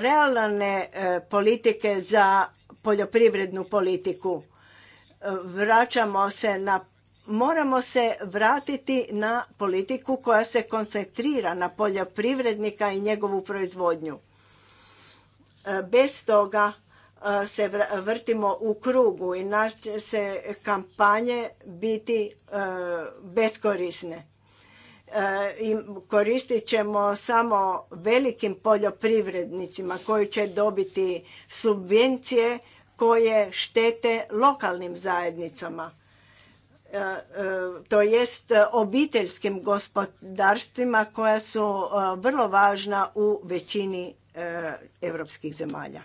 realne politike za poljoprivrednu politiku. Vraćamo se na moramo se vratiti na politiku koja se koncentrira na poljoprivrednika i njegovu proizvodnju. E, bez toga e, se vrtimo u krugu i naše se kampanje biti e, beskorisne. I koristit ćemo samo velikim poljoprivrednicima koji će dobiti subvencije koje štete lokalnim zajednicama to jest e, obiteljskim gospodarstvima koja su e, vrlo važna u većini europskih zemalja.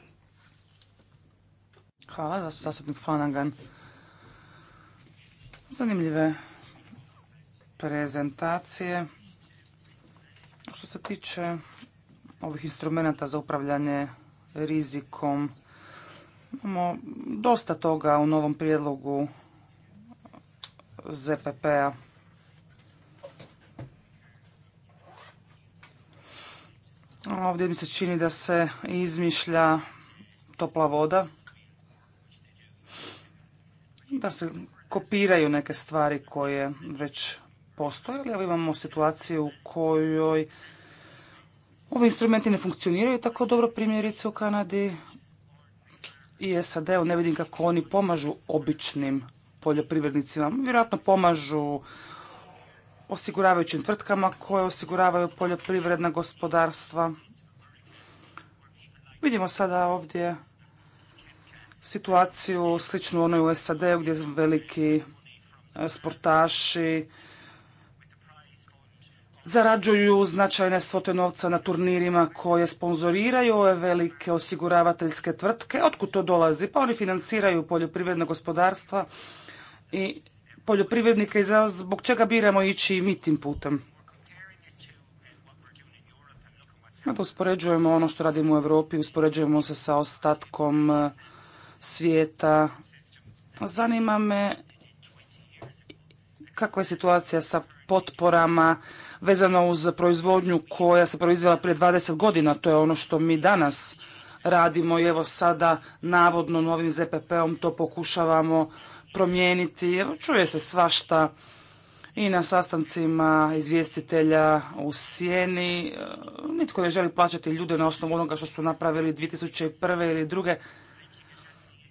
Hvala, zastupnik Flanagan. Zanimljive prezentacije. Što se tiče ovih instrumenta za upravljanje rizikom, imamo dosta toga u novom prijedlogu ZPP-a. Ovdje mi se čini da se izmišlja topla voda, da se kopiraju neke stvari koje već postoje, ali evo imamo situaciju u kojoj ovi instrumenti ne funkcioniraju tako dobro, primjerice u Kanadi i SAD-u, ne vidim kako oni pomažu običnim poljoprivrednicima. Vjerojatno pomažu osiguravajućim tvrtkama koje osiguravaju poljoprivredna gospodarstva. Vidimo sada ovdje situaciju sličnu onoj u SAD-u gdje veliki e, sportaši zarađuju značajne svote novca na turnirima koje sponzoriraju ove velike osiguravateljske tvrtke. Otkud to dolazi? Pa oni financiraju poljoprivredne gospodarstva i poljoprivrednike i zbog čega biramo ići mi tim putem. Kada uspoređujemo ono što radimo u Europi, uspoređujemo se sa ostatkom e, svijeta. Zanima me kakva je situacija sa potporama vezano uz proizvodnju koja se proizvela prije 20 godina. To je ono što mi danas radimo i evo sada navodno novim ZPP-om to pokušavamo promijeniti. čuje se svašta i na sastancima izvjestitelja u sjeni. E, nitko ne želi plaćati ljude na osnovu onoga što su napravili 2001. ili druge.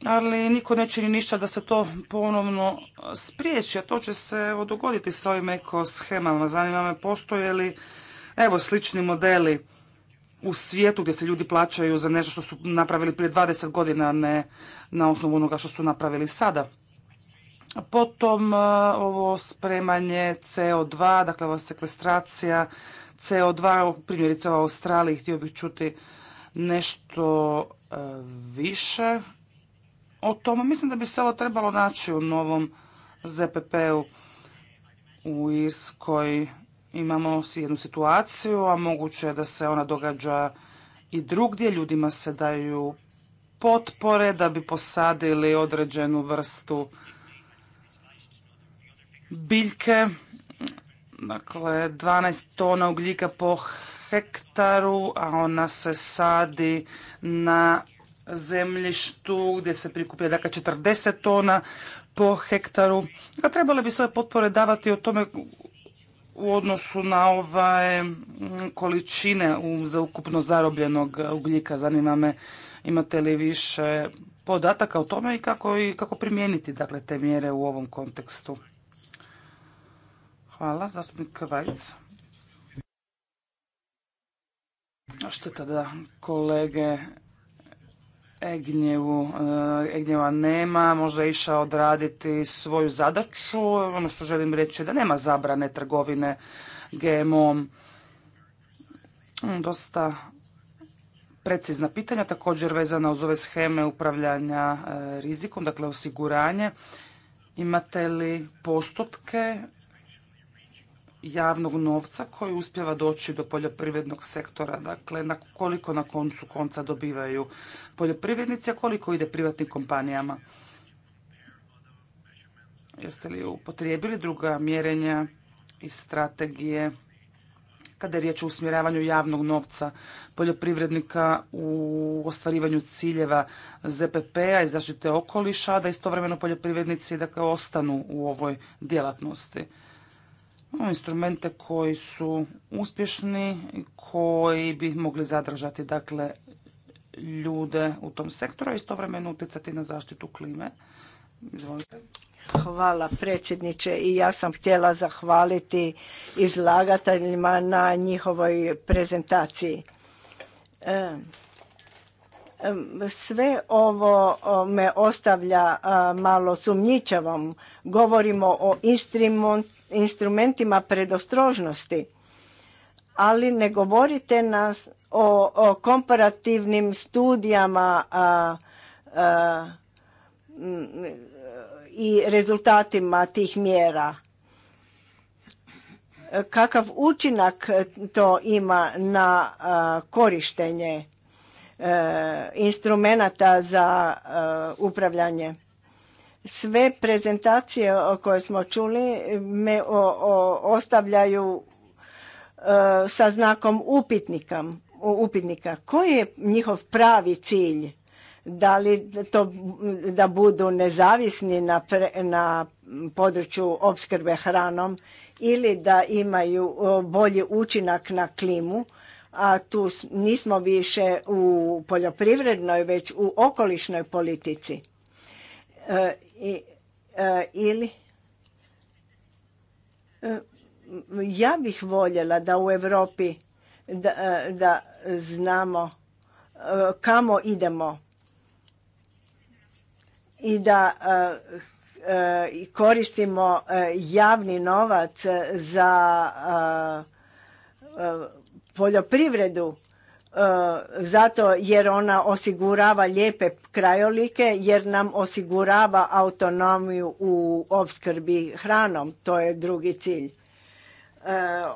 Ali niko ne čini ništa da se to ponovno spriječi, a to će se evo, dogoditi sa ovim ekoshemama. Zanima me postoje li evo, slični modeli u svijetu gdje se ljudi plaćaju za nešto što su napravili prije 20 godina, ne na osnovu onoga što su napravili sada. Potom e, ovo spremanje CO2, dakle ova sekvestracija CO2, primjerice u Australiji htio bih čuti nešto e, više o tome. Mislim da bi se ovo trebalo naći u novom ZPP-u u Irskoj. Imamo jednu situaciju, a moguće je da se ona događa i drugdje. Ljudima se daju potpore da bi posadili određenu vrstu biljke, dakle 12 tona ugljika po hektaru, a ona se sadi na zemljištu gdje se prikuplja dakle 40 tona po hektaru. Dakle, trebale bi sve potpore davati o tome u odnosu na ovaj količine za ukupno zarobljenog ugljika. Zanima me imate li više podataka o tome i kako, i kako primijeniti dakle, te mjere u ovom kontekstu. Hvala, zastupnik Vajc. Šteta da kolege eh, Egnjeva nema, može iša odraditi svoju zadaću. Ono što želim reći je da nema zabrane trgovine GMO-om. Mm, dosta precizna pitanja, također vezana uz ove scheme upravljanja eh, rizikom, dakle osiguranje. Imate li postotke javnog novca koji uspjeva doći do poljoprivrednog sektora. Dakle, na koliko na koncu konca dobivaju poljoprivrednici, a koliko ide privatnim kompanijama. Jeste li upotrijebili druga mjerenja i strategije kada je riječ o usmjeravanju javnog novca poljoprivrednika u ostvarivanju ciljeva ZPP-a i zaštite okoliša, da istovremeno poljoprivrednici dakle, ostanu u ovoj djelatnosti instrumente koji su uspješni, koji bi mogli zadržati dakle ljude u tom sektoru, i istovremeno utjecati na zaštitu klime. Izvolite. Hvala predsjedniče i ja sam htjela zahvaliti izlagateljima na njihovoj prezentaciji. E, e, sve ovo me ostavlja malo sumnjičavom. Govorimo o instrument, instrumentima predostrožnosti, ali ne govorite nas o, komparativnim studijama i rezultatima tih mjera. Kakav učinak to ima na korištenje e, instrumenta za upravljanje? Sve prezentacije o koje smo čuli me ostavljaju e, sa znakom upitnika, upitnika. Koji je njihov pravi cilj? Da li to da budu nezavisni na, na području opskrbe hranom ili da imaju bolji učinak na klimu, a tu nismo više u poljoprivrednoj, već u okolišnoj politici. E, ili e, ja bih voljela da u Europi da, e, da znamo kamo idemo i da koristimo javni novac za poljoprivredu E, zato jer ona osigurava lijepe krajolike, jer nam osigurava autonomiju u opskrbi hranom, to je drugi cilj. E,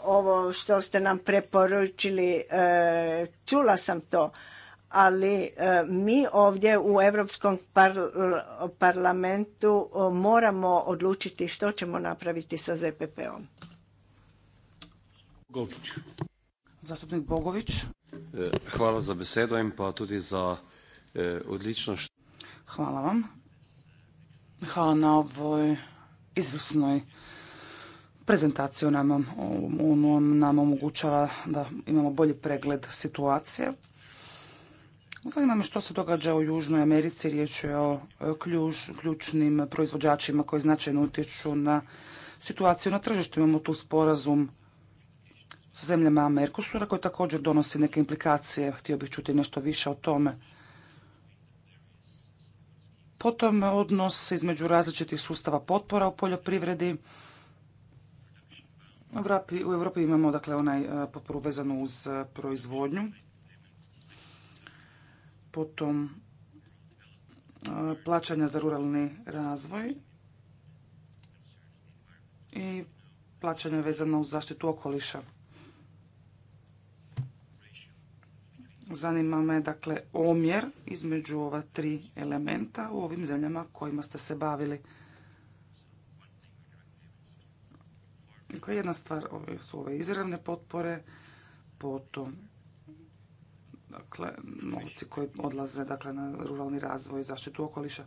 ovo što ste nam preporučili, e, čula sam to, ali mi ovdje u Europskom parlamentu moramo odlučiti što ćemo napraviti sa ZPP-om. Zastupnik Bogović. E, hvala za pa tudi za e, Hvala vam. Hvala na ovoj izvrsnoj prezentaciji. nam, nam omogućava da imamo bolji pregled situacije. Zanima me što se događa u Južnoj Americi, riječ je o ključnim proizvođačima koji značajno utječu na situaciju na tržištu. Imamo tu sporazum sa zemljama Merkusura koji također donosi neke implikacije. Htio bih čuti nešto više o tome. Potom odnos između različitih sustava potpora u poljoprivredi. U Europi imamo dakle onaj e, potporu vezanu uz e, proizvodnju. Potom e, plaćanja za ruralni razvoj i plaćanja vezano uz zaštitu okoliša. Zanima me dakle omjer između ova tri elementa u ovim zemljama kojima ste se bavili. Dakle, jedna stvar ove, su ove izravne potpore, potom dakle, novci koji odlaze dakle, na ruralni razvoj i zaštitu okoliša.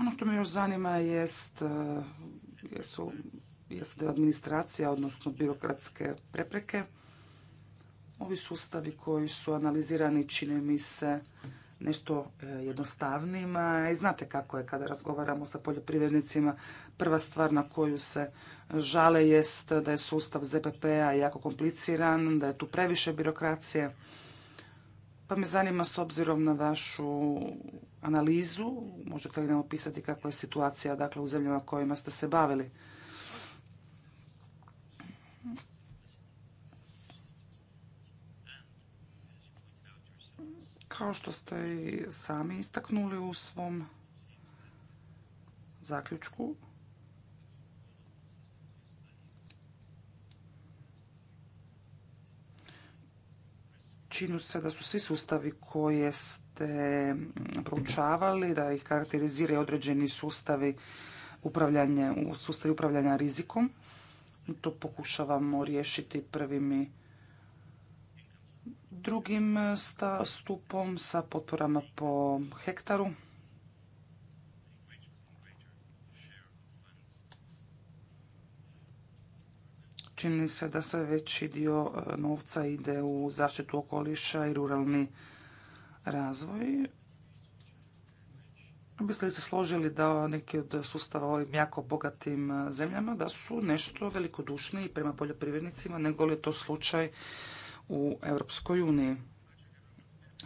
Ono što me još zanima jest, e, jesu jeste administracija, odnosno birokratske prepreke. Ovi sustavi koji su analizirani čine mi se nešto e, jednostavnijima i znate kako je kada razgovaramo sa poljoprivrednicima, prva stvar na koju se žale jest da je sustav ZPP-a jako kompliciran, da je tu previše birokracije. Pa me zanima s obzirom na vašu analizu, možete li nam opisati kakva je situacija dakle, u zemljama kojima ste se bavili. Kao što ste i sami istaknuli u svom zaključku, činu se da su svi sustavi koje ste proučavali, da ih karakteriziraju određeni sustavi sustavi upravljanja rizikom. To pokušavamo riješiti prvim i drugim e, stupom sa potporama po hektaru. Čini se da sve veći dio e, novca ide u zaštitu okoliša i ruralni razvoj. Biste li se složili da neki od sustava ovim jako bogatim e, zemljama da su nešto velikodušniji prema poljoprivrednicima nego li je to slučaj u Europskoj uniji?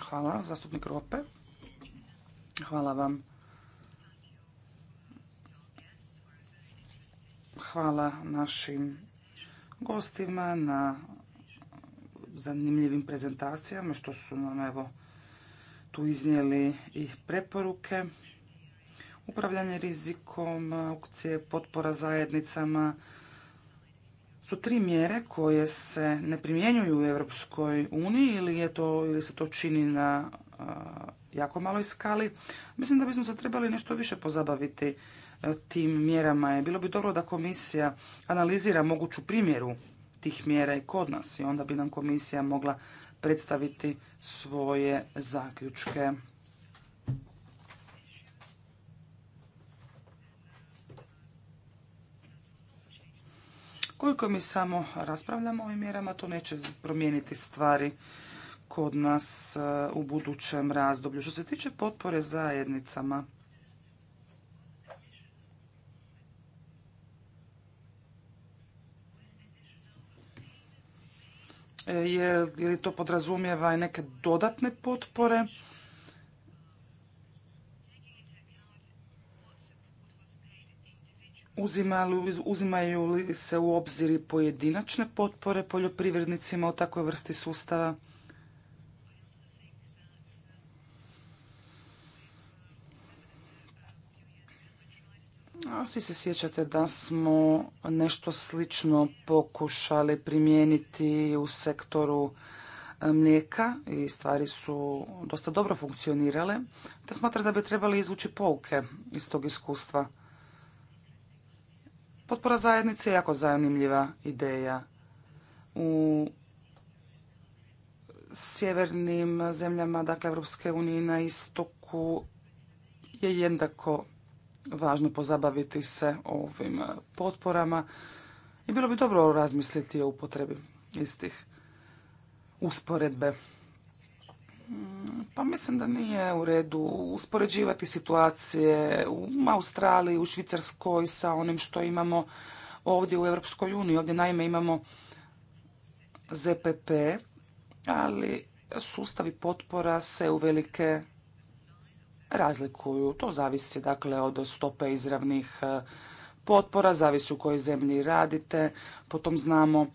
Hvala, zastupnik Rope. Hvala vam. Hvala našim gostima na zanimljivim prezentacijama što su nam evo tu iznijeli i preporuke upravljanje rizikom, aukcije potpora zajednicama su tri mjere koje se ne primjenjuju u Europskoj uniji ili je to ili se to čini na jako maloj skali. Mislim da bismo se trebali nešto više pozabaviti e, tim mjerama. Bilo bi dobro da komisija analizira moguću primjeru tih mjera i kod nas i onda bi nam komisija mogla predstaviti svoje zaključke. Koliko mi samo raspravljamo o ovim mjerama, to neće promijeniti stvari kod nas e, u budućem razdoblju. Što se tiče potpore zajednicama, e, je li to podrazumijeva i neke dodatne potpore? uzimaju li se u obzir pojedinačne potpore poljoprivrednicima u takvoj vrsti sustava? svi se sjećate da smo nešto slično pokušali primijeniti u sektoru e, mlijeka i stvari su dosta dobro funkcionirale, te smatram da bi trebali izvući pouke iz tog iskustva. Potpora zajednice je jako zanimljiva ideja. U sjevernim zemljama, dakle Europske unije na istoku je jednako važno pozabaviti se ovim potporama i bilo bi dobro razmisliti o upotrebi istih usporedbe. Pa mislim da nije u redu uspoređivati situacije u Australiji, u Švicarskoj sa onim što imamo ovdje u Europskoj uniji. Ovdje naime imamo ZPP, ali sustavi potpora se u velike razlikuju. To zavisi dakle od stope izravnih e, potpora, zavisi u kojoj zemlji radite. Potom znamo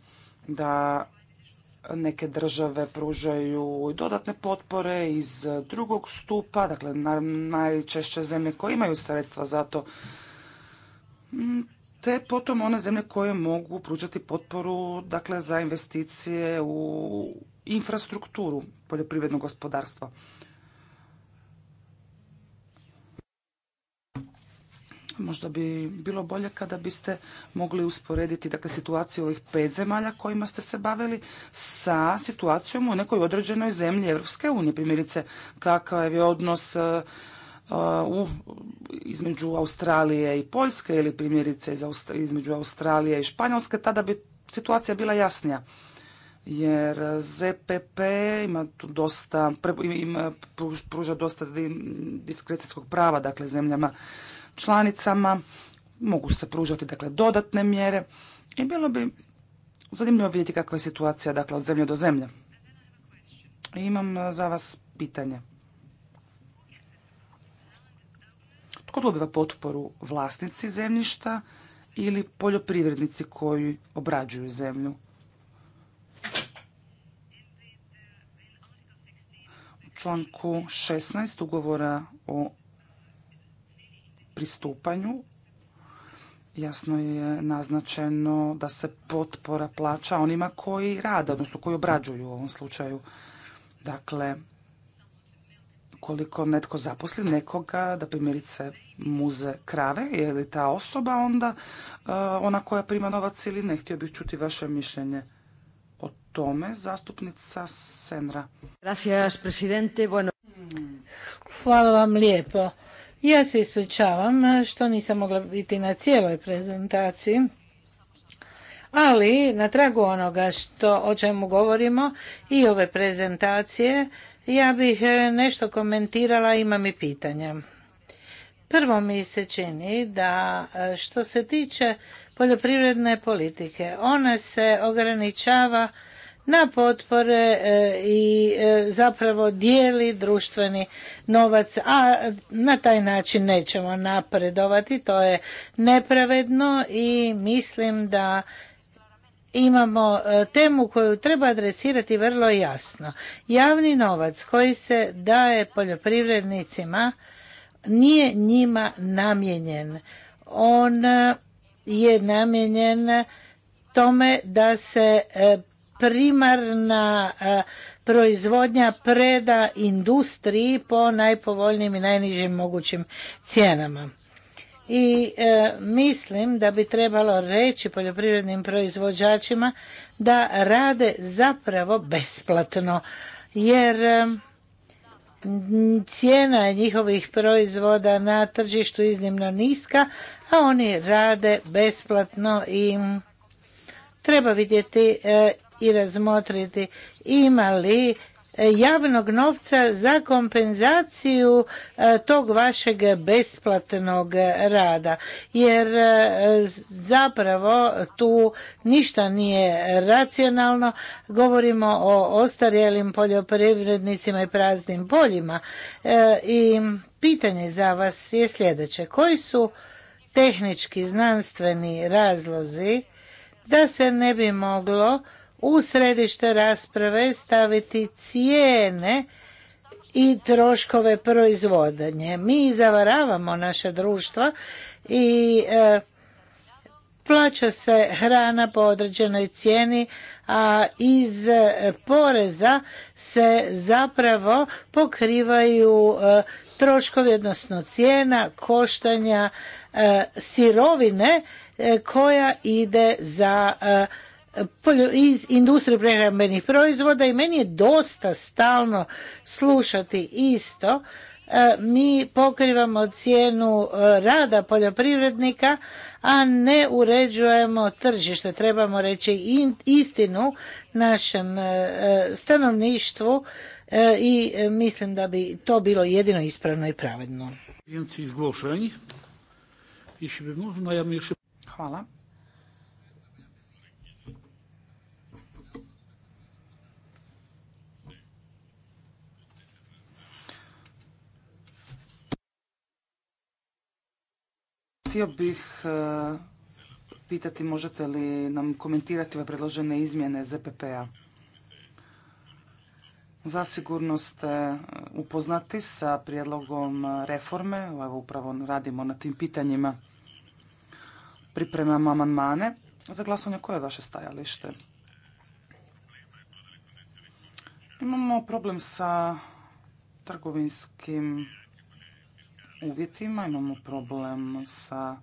da Neke države pružaju dodatne potpore iz drugog stupa, dakle najčešće zemlje koje imaju sredstva za to, mm, te potom one zemlje koje mogu pružati potporu dakle, za investicije u infrastrukturu poljoprivrednog gospodarstva. Možda bi bilo bolje kada biste mogli usporediti dakle, situaciju ovih pet zemalja kojima ste se bavili sa situacijom u nekoj određenoj zemlji Europske unije. Primjerice, kakav je odnos e, e, u, između Australije i Poljske ili primjerice između Australije i Španjolske, tada bi situacija bila jasnija jer ZPP ima tu dosta, ima, pruža dosta diskrecijskog prava, dakle zemljama članicama, mogu se pružati dakle dodatne mjere i bilo bi zanimljivo vidjeti kakva je situacija dakle od zemlje do zemlje. I imam e, za vas pitanje. Tko dobiva potporu vlasnici zemljišta ili poljoprivrednici koji obrađuju zemlju? U članku 16 ugovora o pristupanju jasno je naznačeno da se potpora plaća onima koji rade, odnosno koji obrađuju u ovom slučaju. Dakle, koliko netko zaposli nekoga, da primjerice muze krave, je li ta osoba onda e, ona koja prima novac ili ne? Htio bih čuti vaše mišljenje o tome, zastupnica Senra. Gracias, Hvala vam lijepo. Ja se ispričavam e, što nisam mogla biti na cijeloj prezentaciji, ali na tragu onoga što, o čemu govorimo i ove prezentacije, ja bih e, nešto komentirala, imam i pitanja. Prvo mi se čini da e, što se tiče poljoprivredne politike, ona se ograničava na potpore e, i e, zapravo dijeli društveni novac, a na taj način nećemo napredovati, to je nepravedno i mislim da imamo e, temu koju treba adresirati vrlo jasno. Javni novac koji se daje poljoprivrednicima nije njima namijenjen. On je namijenjen tome da se primarna e, proizvodnja preda industriji po najpovoljnijim i najnižim mogućim cijenama. I e, mislim da bi trebalo reći poljoprivrednim proizvođačima da rade zapravo besplatno jer e, cijena njihovih proizvoda na tržištu iznimno niska, a oni rade besplatno i treba vidjeti i razmotriti ima li e, javnog novca za kompenzaciju e, tog vašeg besplatnog rada jer e, zapravo tu ništa nije racionalno govorimo o ostarjelim poljoprivrednicima i praznim poljima i pitanje za vas je sljedeće koji su tehnički znanstveni razlozi da se ne bi moglo u središte rasprave staviti cijene i troškove proizvodnje. Mi zavaravamo naše društva i e, plaća se hrana po određenoj cijeni, a iz poreza se zapravo pokrivaju e, troškovi, odnosno cijena koštanja e, sirovine koja ide za iz industriju prehrambenih proizvoda i meni je dosta stalno slušati isto. E, mi pokrivamo cijenu e, rada poljoprivrednika, a ne uređujemo tržište. Trebamo reći istinu našem e, stanovništvu i mislim da bi to bilo jedino ispravno i pravedno. Hvala. Htio bih e, pitati možete li nam komentirati ove predložene izmjene ZPP-a. Zasigurno ste e, upoznati sa prijedlogom e, reforme, evo upravo radimo na tim pitanjima, pripremamo amandmane. Za glasovanje koje je vaše stajalište? Imamo problem sa trgovinskim uvjetima, imamo problem sa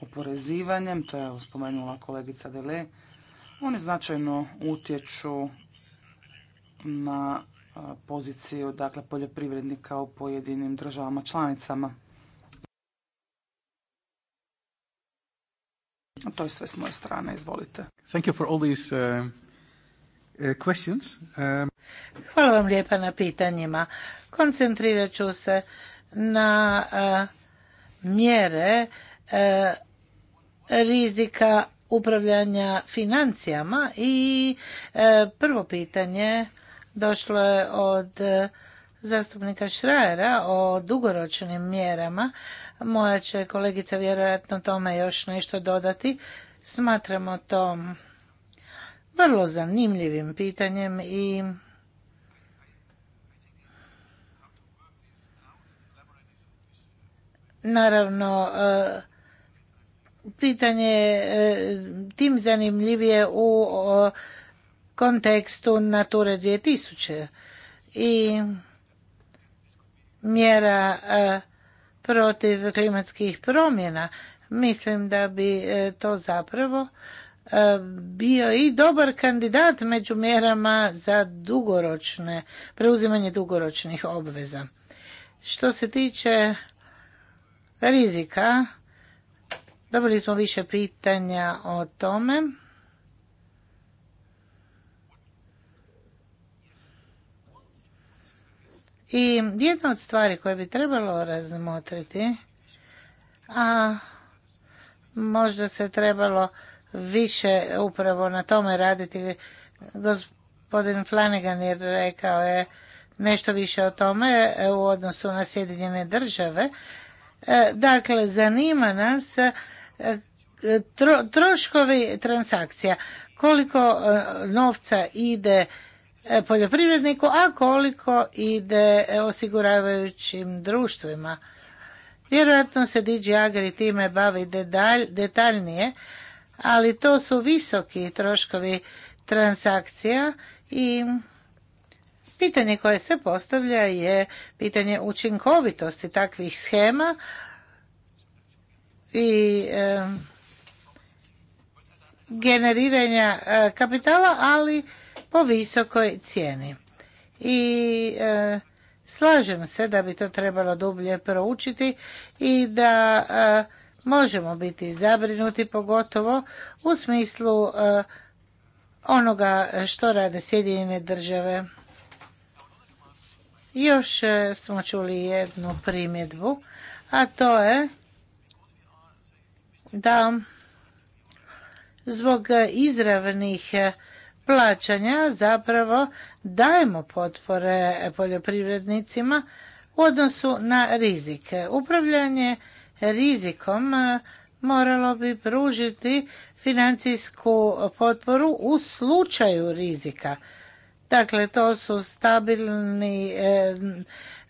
oporezivanjem, to je spomenula kolegica Dele. Oni značajno utječu na poziciju dakle, poljoprivrednika u pojedinim državama članicama. To je sve s moje strane, izvolite. Uh, uh, um, Hvala vam lijepa na pitanjima. Koncentrirat ću se na e, mjere e, rizika upravljanja financijama i e, prvo pitanje došlo je od zastupnika Šrajera o dugoročnim mjerama. Moja će kolegica vjerojatno tome još nešto dodati. Smatramo to vrlo zanimljivim pitanjem i naravno e, pitanje e, tim zanimljivije u kontekstu Nature 2000 i mjera e, protiv klimatskih promjena. Mislim da bi to zapravo bio i dobar kandidat među mjerama za dugoročne, preuzimanje dugoročnih obveza. Što se tiče rizika. Dobili smo više pitanja o tome. I jedna od stvari koje bi trebalo razmotriti, a možda se trebalo više upravo na tome raditi, gospodin Flanagan je rekao je nešto više o tome u odnosu na Sjedinjene države, E, dakle, zanima nas e, troškovi transakcija. Koliko e, novca ide poljoprivredniku, a koliko ide osiguravajućim društvima. Vjerojatno se DJ Agri time bavi detaljnije, ali to su visoki troškovi transakcija i Pitanje koje se postavlja je pitanje učinkovitosti takvih schema i generiranja e, kapitala, ali po visokoj cijeni. I e, slažem se da bi to trebalo dublje proučiti i da e, možemo biti zabrinuti pogotovo u smislu onoga što rade Sjedinjene države još e, smo čuli jednu primjedbu, a to je da zbog izravnih e, plaćanja zapravo dajemo potpore poljoprivrednicima u odnosu na rizike. Upravljanje rizikom e, moralo bi pružiti financijsku potporu u slučaju rizika Dakle, to su stabilni e,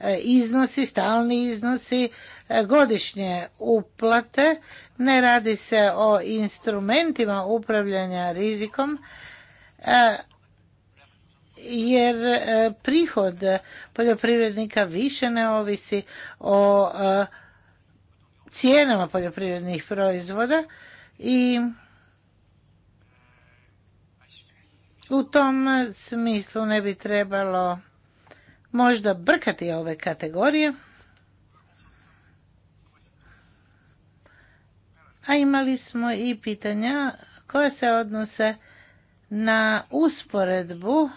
e, iznosi, stalni iznosi e, godišnje uplate. Ne radi se o instrumentima upravljanja rizikom, jer prihod poljoprivrednika više ne ovisi o cijenama poljoprivrednih proizvoda i U tom smislu ne bi trebalo možda brkati ove kategorije. A imali smo i pitanja koja se odnose na usporedbu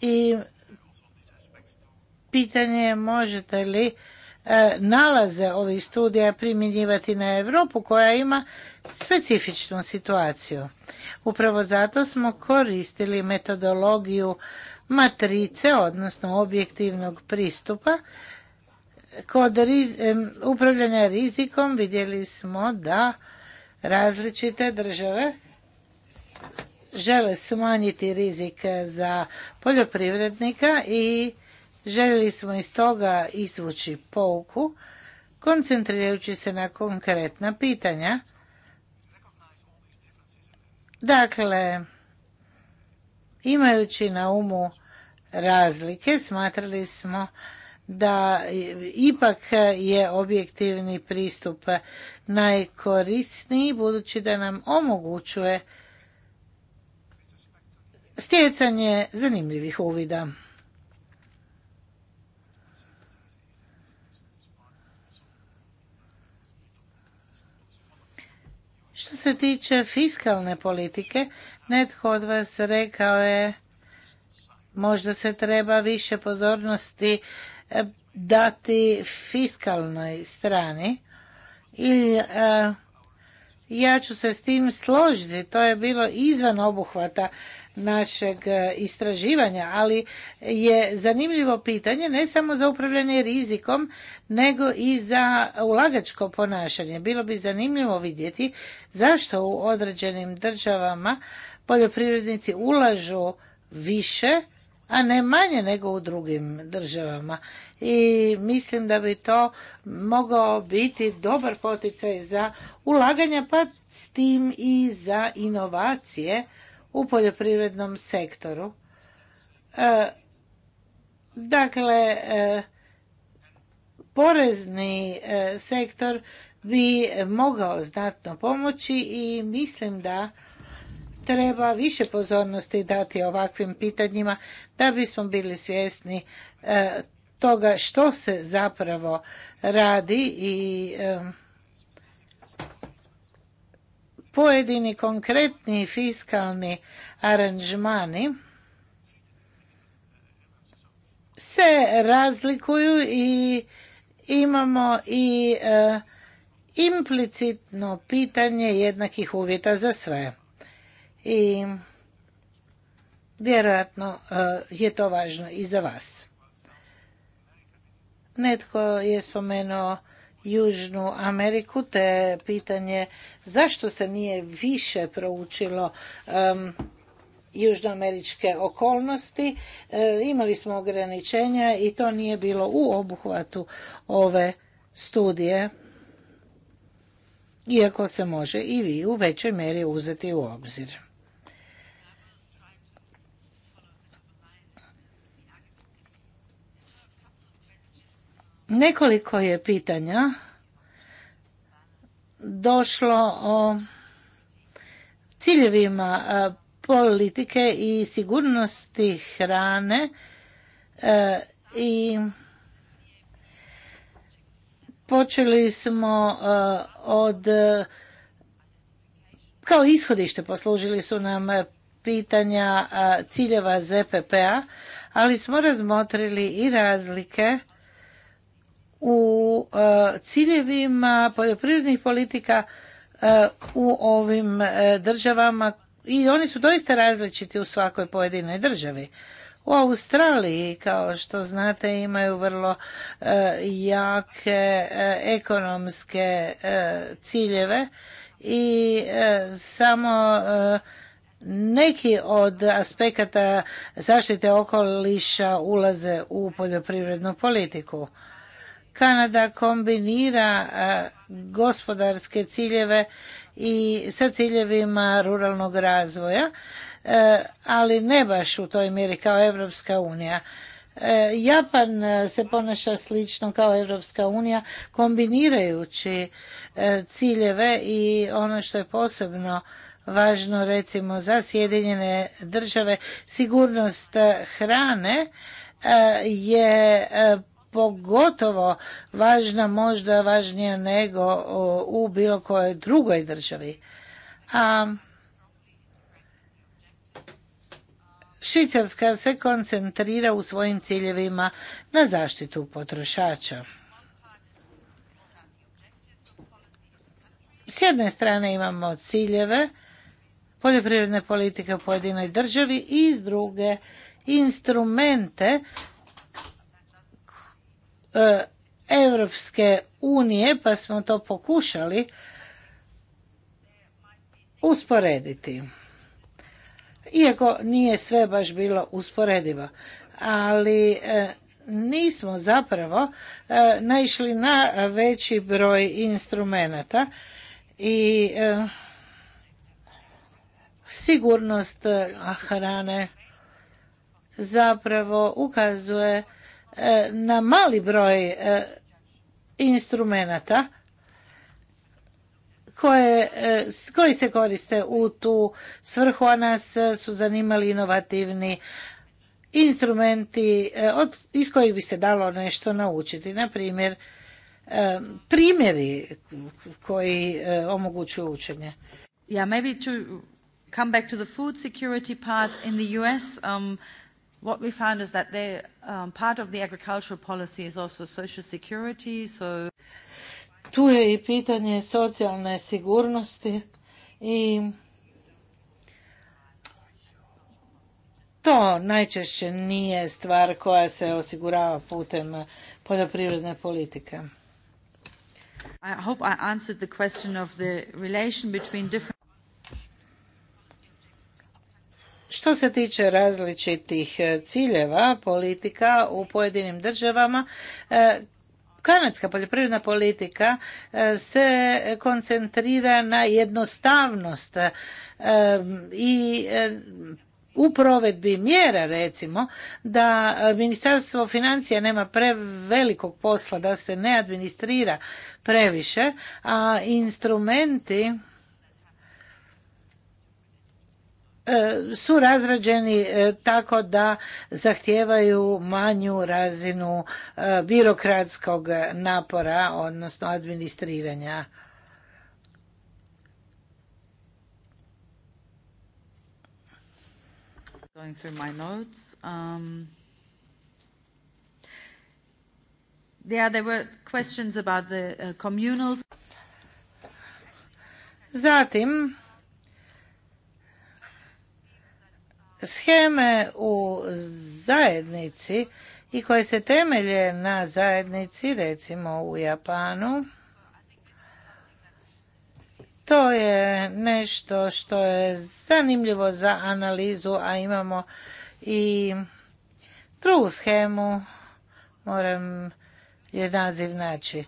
i pitanje je možete li e, nalaze ovih studija primjenjivati na Europu koja ima specifičnu situaciju. Upravo zato smo koristili metodologiju matrice, odnosno objektivnog pristupa. Kod upravljanja rizikom vidjeli smo da različite države žele smanjiti rizik za poljoprivrednika i željeli smo iz toga izvući pouku koncentrirajući se na konkretna pitanja Dakle, imajući na umu razlike, smatrali smo da ipak je objektivni pristup najkorisniji budući da nam omogućuje stjecanje zanimljivih uvida. što se tiče fiskalne politike, netko od vas rekao je možda se treba više pozornosti e, dati fiskalnoj strani i e, ja ću se s tim složiti, to je bilo izvan obuhvata našeg e, istraživanja, ali je zanimljivo pitanje ne samo za upravljanje rizikom, nego i za ulagačko ponašanje. Bilo bi zanimljivo vidjeti zašto u određenim državama poljoprivrednici ulažu više, a ne manje nego u drugim državama. I mislim da bi to mogao biti dobar poticaj za ulaganja, pa s tim i za inovacije u poljoprivrednom sektoru. E, dakle, e, porezni e, sektor bi mogao znatno pomoći i mislim da treba više pozornosti dati ovakvim pitanjima da bismo bili svjesni toga što se zapravo radi i pojedini konkretni fiskalni aranžmani se razlikuju i imamo i e, implicitno pitanje jednakih uvjeta za sve. I vjerojatno e, je to važno i za vas. Netko je spomenuo Južnu Ameriku, te pitanje zašto se nije više proučilo um, južnoameričke okolnosti. E, imali smo ograničenja i to nije bilo u obuhvatu ove studije, iako se može i vi u većoj mjeri uzeti u obzir. Nekoliko je pitanja došlo o ciljevima e, politike i sigurnosti hrane e, i počeli smo e, od kao ishodište poslužili su nam pitanja ciljeva ZPP-a, ali smo razmotrili i razlike u e, ciljevima poljoprivrednih politika e, u ovim e, državama i oni su doista različiti u svakoj pojedinoj državi. U Australiji, kao što znate, imaju vrlo jake ekonomske ciljeve i samo neki od aspekata zaštite okoliša ulaze u poljoprivrednu politiku. Kanada kombinira e, gospodarske ciljeve i sa ciljevima ruralnog razvoja, e, ali ne baš u toj mjeri kao Evropska unija. E, Japan se ponaša slično kao Evropska unija kombinirajući ciljeve i ono što je posebno važno recimo za Sjedinjene države sigurnost hrane je pogotovo važna, možda važnija nego u bilo kojoj drugoj državi. A Švicarska se koncentrira u svojim ciljevima na zaštitu potrošača. S jedne strane imamo ciljeve poljoprivredne politike u pojedinoj državi i s druge instrumente Europske unije, pa smo to pokušali usporediti. Iako nije sve baš bilo usporedivo, ali e, nismo zapravo e, naišli na veći broj instrumenata i e, sigurnost hrane zapravo ukazuje E, na mali broj e, instrumenata e, koji se koriste u tu svrhu, a nas su zanimali inovativni instrumenti iz kojih bi se dalo nešto naučiti. Na primjer, primjeri koji omogućuju učenje. Yeah, maybe to come back to the food security part in the US. Um, what we found is that they, um, part of the agricultural policy is also social security, so... Tu je i pitanje socijalne sigurnosti i to najčešće nije stvar koja se osigurava putem poljoprivredne politike. I hope I answered the question of the relation between different Što se tiče različitih e, ciljeva politika u pojedinim državama, e, kanadska poljoprivredna politika e, se koncentrira na jednostavnost i u provedbi mjera recimo da ministarstvo financija nema prevelikog posla da se ne administrira previše a instrumenti E, su razrađeni e, tako da zahtijevaju manju razinu e, birokratskog napora, odnosno administriranja. Zatim, sheme u zajednici i koje se temelje na zajednici, recimo u Japanu, to je nešto što je zanimljivo za analizu, a imamo i drugu schemu, moram je naziv naći.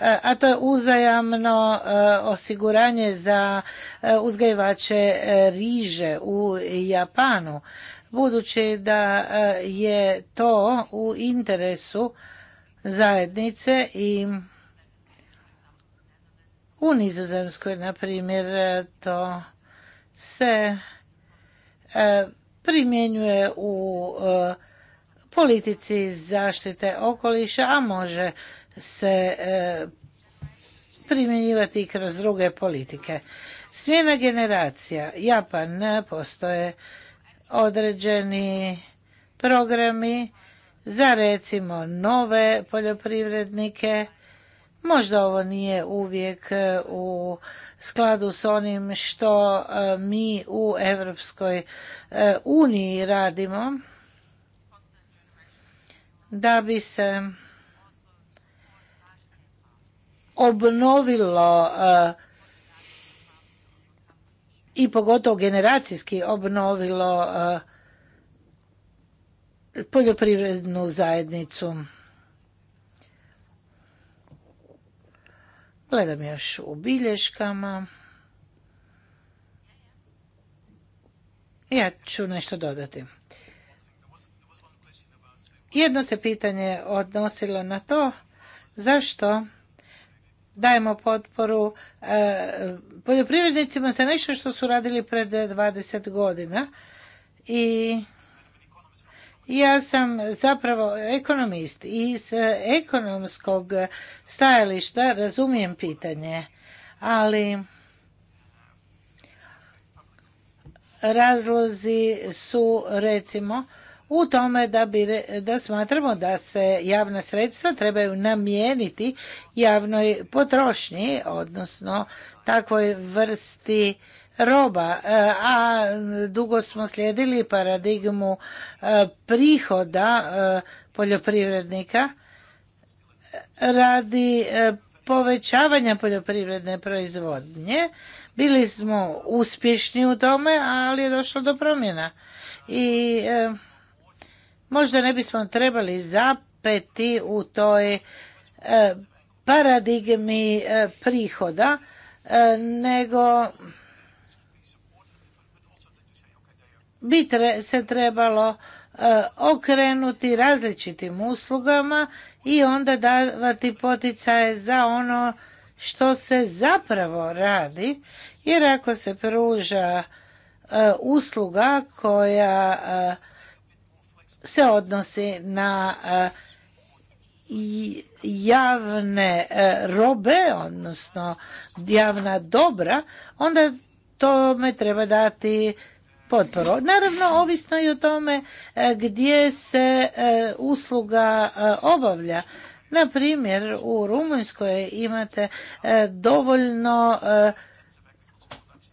E, a to je uzajamno e, osiguranje za e, uzgajivače riže u Japanu. Budući da je to u interesu zajednice i u Nizozemskoj, na primjer, to se primjenjuje u politici zaštite okoliša, a može se e, primjenjivati i kroz druge politike. Smjena generacija, Japan, e, postoje određeni programi za recimo nove poljoprivrednike. Možda ovo nije uvijek e, u skladu s onim što mi u Europskoj uniji radimo da bi se obnovilo eh, i pogotovo generacijski obnovilo eh, poljoprivrednu zajednicu. Gledam još u bilješkama. Ja ću nešto dodati. Jedno se pitanje odnosilo na to zašto dajemo potporu e, poljoprivrednicima za nešto što su radili pred 20 godina. I ja sam zapravo ekonomist i iz ekonomskog stajališta razumijem pitanje, ali razlozi su recimo u tome da, bi, da smatramo da se javna sredstva trebaju namijeniti javnoj potrošnji, odnosno takvoj vrsti roba, e, a dugo smo slijedili paradigmu e, prihoda e, poljoprivrednika radi povećavanja poljoprivredne proizvodnje. Bili smo uspješni u tome, ali je došlo do promjena. I Možda ne bismo trebali zapeti u toj e, paradigmi e, prihoda, e, nego bi se trebalo okrenuti različitim uslugama i onda davati poticaje za ono što se zapravo radi, jer ako se pruža usluga koja se odnosi na e, javne e, robe, odnosno javna dobra, onda tome treba dati potporu. Naravno, ovisno i o tome e, gdje se usluga obavlja. Na primjer, u Rumunjskoj imate dovoljno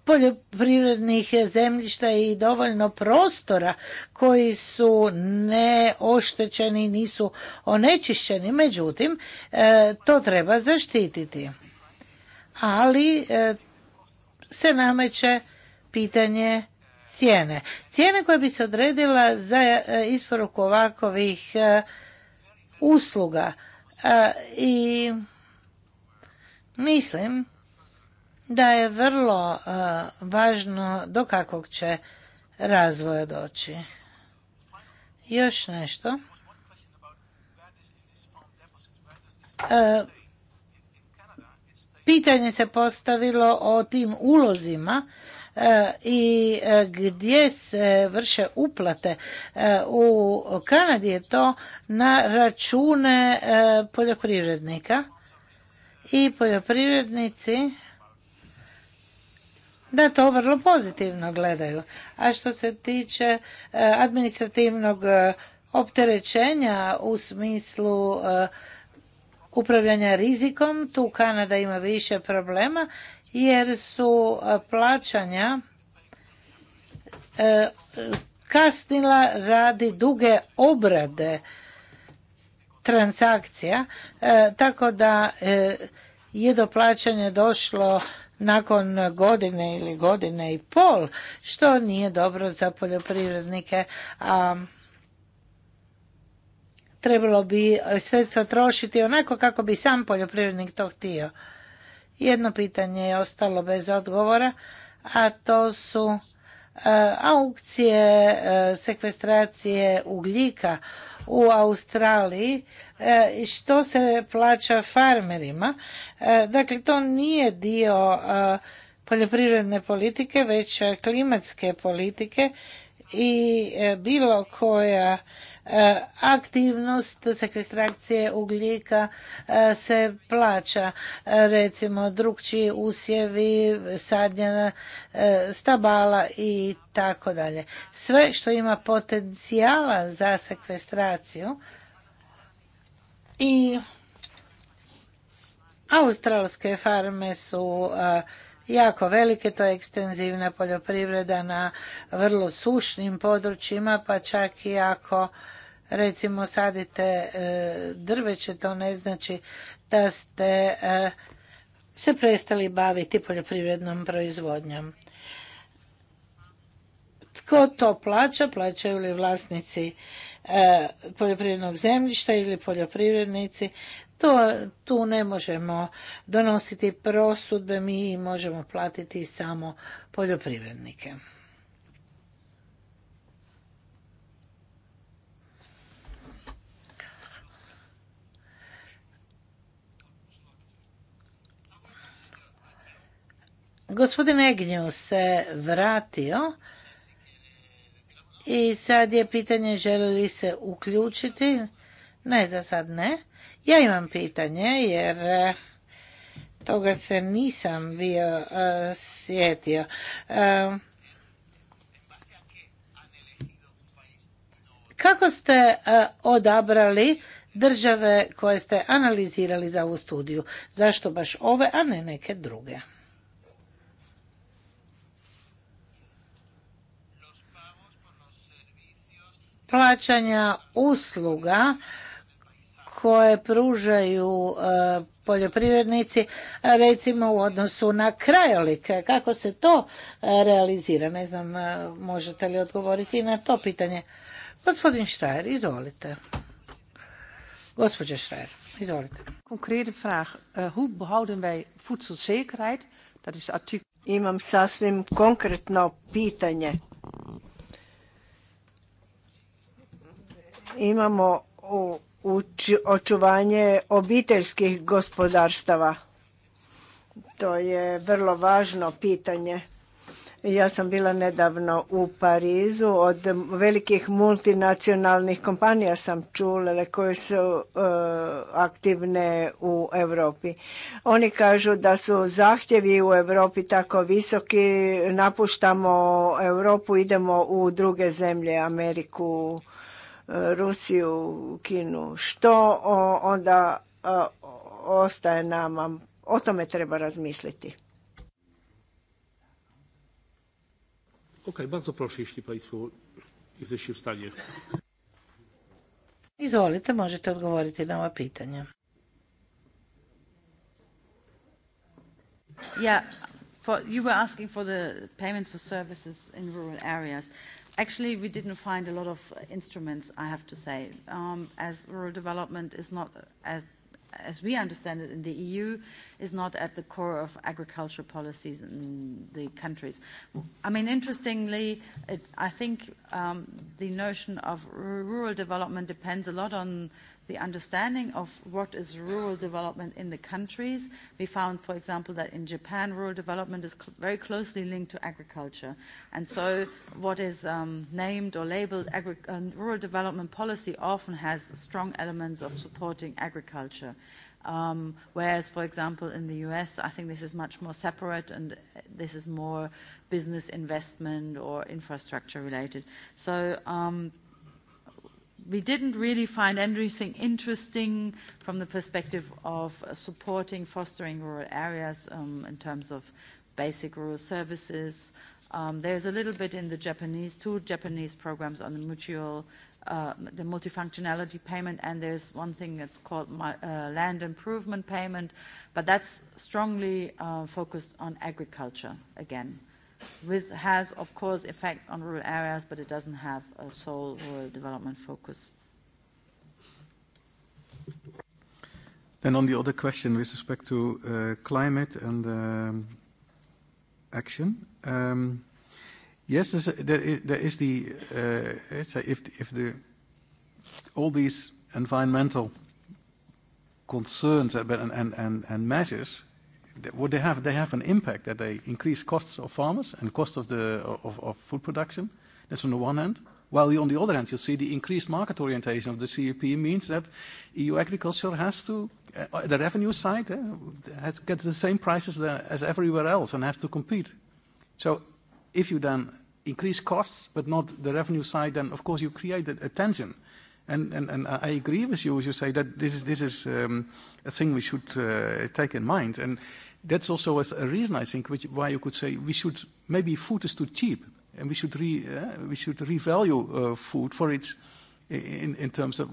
poljoprivrednih zemljišta i dovoljno prostora koji su neoštećeni, nisu onečišćeni. Međutim, e, to treba zaštititi. Ali e, se nameće pitanje cijene. Cijene koja bi se odredila za e, isporuku ovakvih usluga i mislim da je vrlo e, važno do kakvog će razvoja doći. Još nešto. E, pitanje se postavilo o tim ulozima e, i gdje se vrše uplate. U Kanadi je to na račune poljoprivrednika i poljoprivrednici da to vrlo pozitivno gledaju. A što se tiče e, administrativnog e, opterećenja u smislu e, upravljanja rizikom, tu Kanada ima više problema jer su plaćanja kasnila radi duge obrade transakcija, tako da je do plaćanja došlo nakon godine ili godine i pol, što nije dobro za poljoprivrednike, a trebalo bi sredstva trošiti onako kako bi sam poljoprivrednik to htio. Jedno pitanje je ostalo bez odgovora, a to su e, aukcije e, sekvestracije ugljika u Australiji e, što se plaća farmerima. E, dakle, to nije dio e, poljoprivredne politike, već klimatske politike i bilo koja E, aktivnost sekvestrakcije ugljika e, se plaća. E, recimo drugčiji usjevi, sadnja stabala i tako dalje. Sve što ima potencijala za sekvestraciju i australske farme su jako velike, to je ekstenzivna poljoprivreda na vrlo sušnim područjima, pa čak i ako recimo sadite e, drveće, to ne znači da ste e, se prestali baviti poljoprivrednom proizvodnjom. Tko to plaća? Plaćaju li vlasnici e, poljoprivrednog zemljišta ili poljoprivrednici? To, tu ne možemo donositi prosudbe, mi možemo platiti samo poljoprivrednike. Gospodin Egnju se vratio i sad je pitanje želi li se uključiti. Ne, za sad ne. Ja imam pitanje jer e, toga se nisam bio e, sjetio. E, kako ste odabrali države koje ste analizirali za ovu studiju? Zašto baš ove, a ne neke druge? plaćanja usluga koje pružaju e, poljoprivrednici e, recimo u odnosu na krajolike. Kako se to e, realizira? Ne znam, možete li odgovoriti na to pitanje? Gospodin Štrajer, izvolite. Gospodin Štrajer, izvolite. Konkrete vraag. Hoe behouden wij Imam sasvim konkretno pitanje imamo očuvanje obiteljskih gospodarstava. To je vrlo važno pitanje. Ja sam bila nedavno u Parizu, od velikih multinacionalnih kompanija sam čula koje su e, aktivne u Europi. Oni kažu da su zahtjevi u Europi tako visoki, napuštamo Europu, idemo u druge zemlje, Ameriku, Rusiju, Kinu, što onda ostaje nama? O tome treba razmisliti. Ok, bardzo proszę, jeśli Państwo jesteście w stanie. Izvolite, možete odgovoriti na ova pitanja. Yeah, for, you were asking for the payments for services in rural areas. Actually, we didn't find a lot of uh, instruments, I have to say, um, as rural development is not, uh, as, as we understand it in the EU, is not at the core of agricultural policies in the countries. I mean, interestingly, it, I think um, the notion of rural development depends a lot on the understanding of what is rural development in the countries. We found, for example, that in Japan, rural development is cl very closely linked to agriculture. And so what is um, named or labeled agri uh, rural development policy often has strong elements of supporting agriculture. Um, whereas, for example, in the US, I think this is much more separate and this is more business investment or infrastructure related. So um, we didn't really find anything interesting from the perspective of uh, supporting, fostering rural areas um, in terms of basic rural services. Um, there's a little bit in the Japanese, two Japanese programs on the mutual, uh, the multifunctionality payment, and there's one thing that's called my, uh, land improvement payment, but that's strongly uh, focused on agriculture again with, has, of course, effects on rural areas, but it doesn't have a sole rural development focus. And on the other question with respect to uh, climate and um, action, um, yes, there is, there is the, uh, if, if the, all these environmental concerns and, and, and, and measures they have they have an impact that they increase costs of farmers and cost of the of food production. That's on the one hand. While on the other hand, you see the increased market orientation of the CAP e means that EU agriculture has to, uh, the revenue side, eh, has gets the same prices as everywhere else and has to compete. So if you then increase costs but not the revenue side, then of course you create a tension. And, and, and I agree with you as you say that this is, this is um, a thing we should uh, take in mind. And that's also a reason, I think, which, why you could say we should, maybe food is too cheap and we should, re, uh, we should revalue uh, food for its, in, in terms of,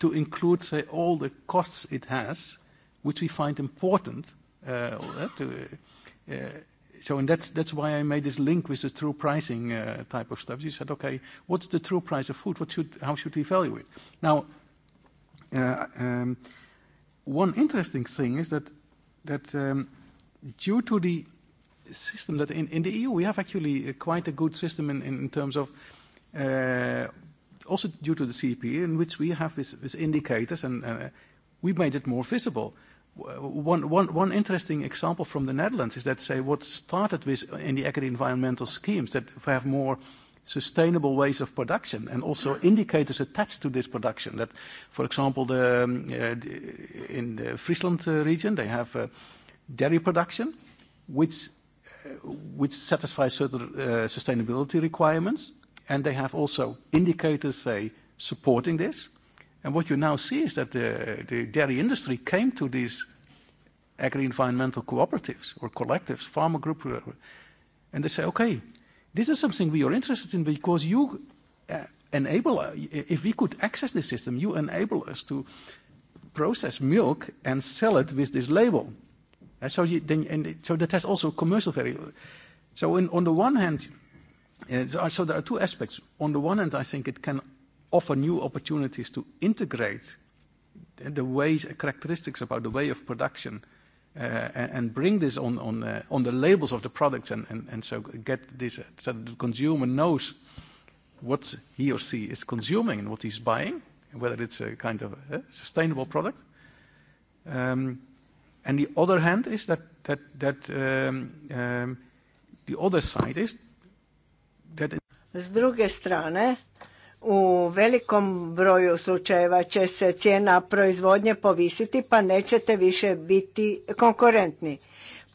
to include, say, all the costs it has, which we find important uh, to, uh, so and that's that's why I made this link with the true pricing uh, type of stuff. You said, okay, what's the true price of food? What should how should we value it? Now, uh, um, one interesting thing is that that um, due to the system that in, in the EU we have actually uh, quite a good system in, in, in terms of. Uh, also due to the CP, in which we have this indicators, and uh, we made it more visible. Uh, one, one, one interesting example from the Netherlands is that, say, what started with in the agri-environmental schemes, that have more sustainable ways of production and also indicators attached to this production. That, for example, the, um, uh, the in the Friesland uh, region, they have uh, dairy production, which uh, which satisfies certain uh, sustainability requirements, and they have also indicators, say, supporting this And what you now see is that the, the dairy industry came to these agri-environmental cooperatives or collectives, farmer group, and they say, okay, this is something we are interested in because you uh, enable, uh, if we could access this system, you enable us to process milk and sell it with this label. And so, you, then, and so that has also commercial value. So in, on the one hand, uh, so there are two aspects. On the one hand, I think it can offer new opportunities to integrate the ways, uh, characteristics about the way of production, uh, and bring this on, on, uh, on the labels of the products and, and, and so get this, so the consumer knows what he or she is consuming and what he's buying, whether it's a kind of a sustainable product. Um, and the other hand is that, that, that um, um the other side is that... S druge strane, u velikom broju slučajeva će se cijena proizvodnje povisiti pa nećete više biti konkurentni.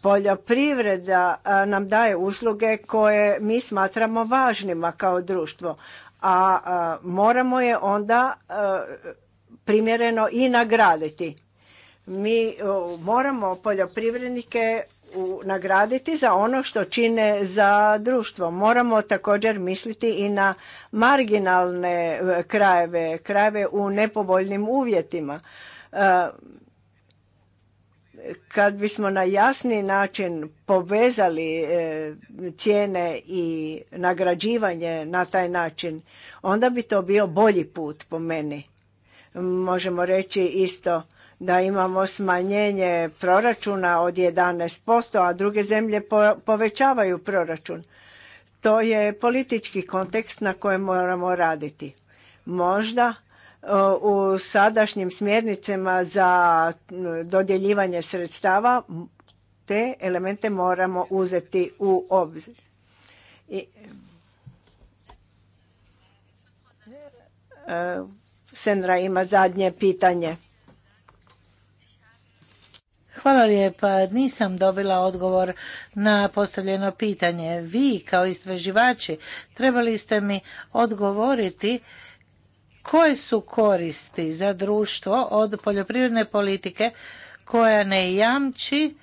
Poljoprivreda nam daje usluge koje mi smatramo važnima kao društvo, a moramo je onda primjereno i nagraditi. Mi moramo poljoprivrednike nagraditi za ono što čine za društvo. Moramo također misliti i na marginalne e, krajeve, krajeve u nepovoljnim uvjetima. E, kad bismo na jasni način povezali e, cijene i nagrađivanje na taj način, onda bi to bio bolji put po meni. Možemo reći isto da imamo smanjenje proračuna od 11%, a druge zemlje povećavaju proračun. To je politički kontekst na kojem moramo raditi. Možda u sadašnjim smjernicama za dodjeljivanje sredstava te elemente moramo uzeti u obzir. E, Senra ima zadnje pitanje. Hvala lijepa. Nisam dobila odgovor na postavljeno pitanje. Vi kao istraživači trebali ste mi odgovoriti koje su koristi za društvo od poljoprivredne politike koja ne jamči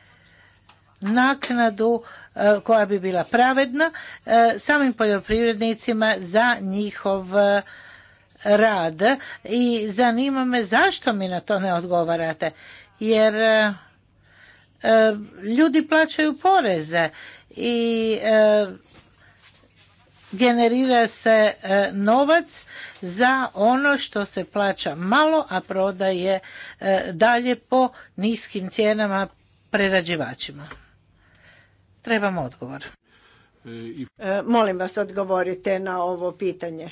naknadu e, koja bi bila pravedna e, samim poljoprivrednicima za njihov e, rad i zanima me zašto mi na to ne odgovarate jer E, ljudi plaćaju poreze i e, generira se e, novac za ono što se plaća malo, a prodaje dalje po niskim cijenama prerađivačima. Trebamo odgovor. molim vas odgovorite na ovo pitanje.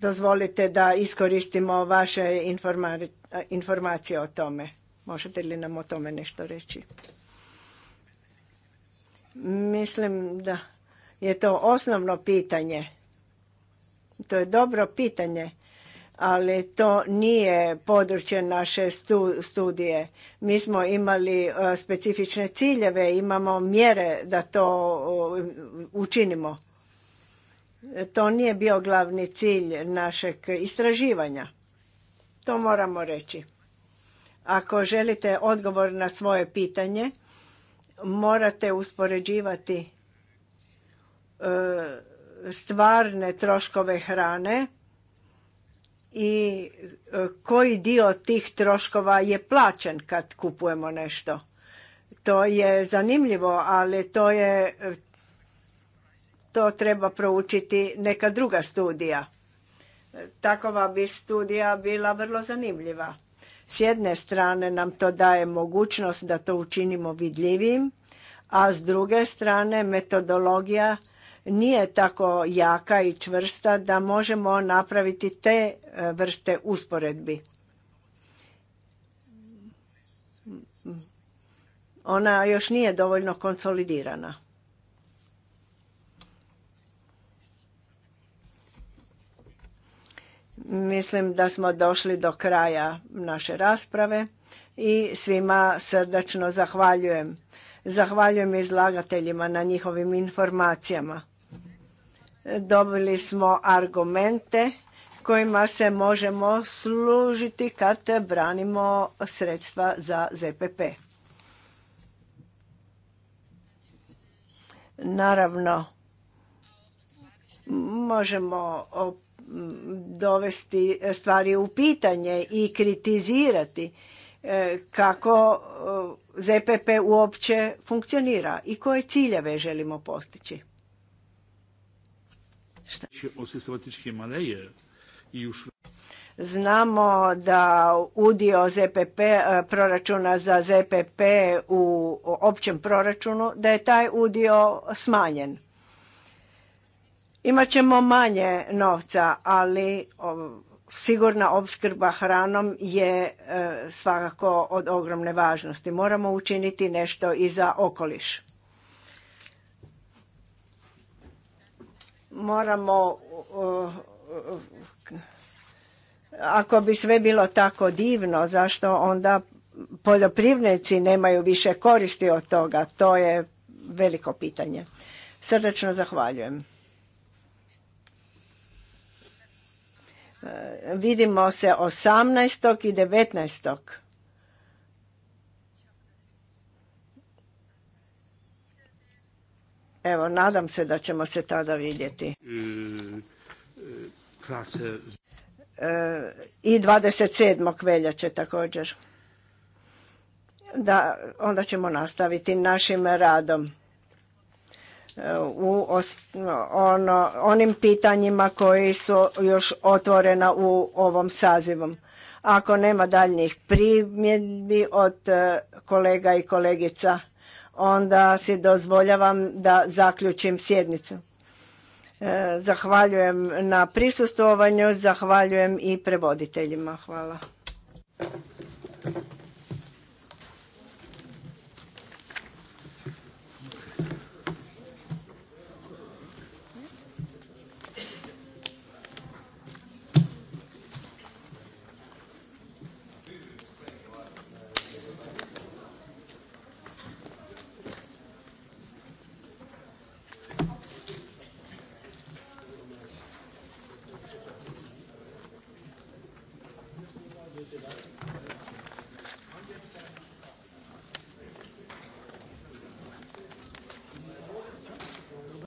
Dozvolite da iskoristimo vaše informacije o tome. Možete li nam o tome nešto reći? Mislim da je to osnovno pitanje. To je dobro pitanje, ali to nije područje naše studije. Mi smo imali e, specifične ciljeve, imamo mjere da to učinimo. To nije bio glavni cilj našeg istraživanja. To moramo reći. Ako želite odgovor na svoje pitanje, morate uspoređivati e, stvarne troškove hrane i e, koji dio tih troškova je plaćen kad kupujemo nešto. To je zanimljivo, ali to je to treba proučiti neka druga studija. Takova bi studija bila vrlo zanimljiva. S jedne strane nam to daje mogućnost da to učinimo vidljivim, a s druge strane metodologija nije tako jaka i čvrsta da možemo napraviti te e, vrste usporedbi. Ona još nije dovoljno konsolidirana. Mislim da smo došli do kraja naše rasprave i svima srdačno zahvaljujem. Zahvaljujem izlagateljima na njihovim informacijama. Dobili smo argumente kojima se možemo služiti kad branimo sredstva za ZPP. Naravno, možemo dovesti stvari u pitanje i kritizirati e, kako e, ZPP uopće funkcionira i koje ciljeve želimo postići. Znači, Znamo da udio ZPP, e, proračuna za ZPP u općem proračunu, da je taj udio smanjen. Imat ćemo manje novca, ali sigurna opskrba hranom je e, svakako od ogromne važnosti. Moramo učiniti nešto i za okoliš. Moramo ako bi sve bilo tako divno, zašto onda poljoprivrednici nemaju više koristi od toga? To je veliko pitanje. Srdečno zahvaljujem. Vidimo se 18. i 19. Evo, nadam se da ćemo se tada vidjeti. E, I 27. veljače također. Da, onda ćemo nastaviti našim radom u ono, onim pitanjima koji su još otvorena u ovom sazivom. Ako nema daljnjih primjedbi od e, kolega i kolegica, onda si dozvoljavam da zaključim sjednicu. E, zahvaljujem na prisustvovanju, zahvaljujem i prevoditeljima. Hvala.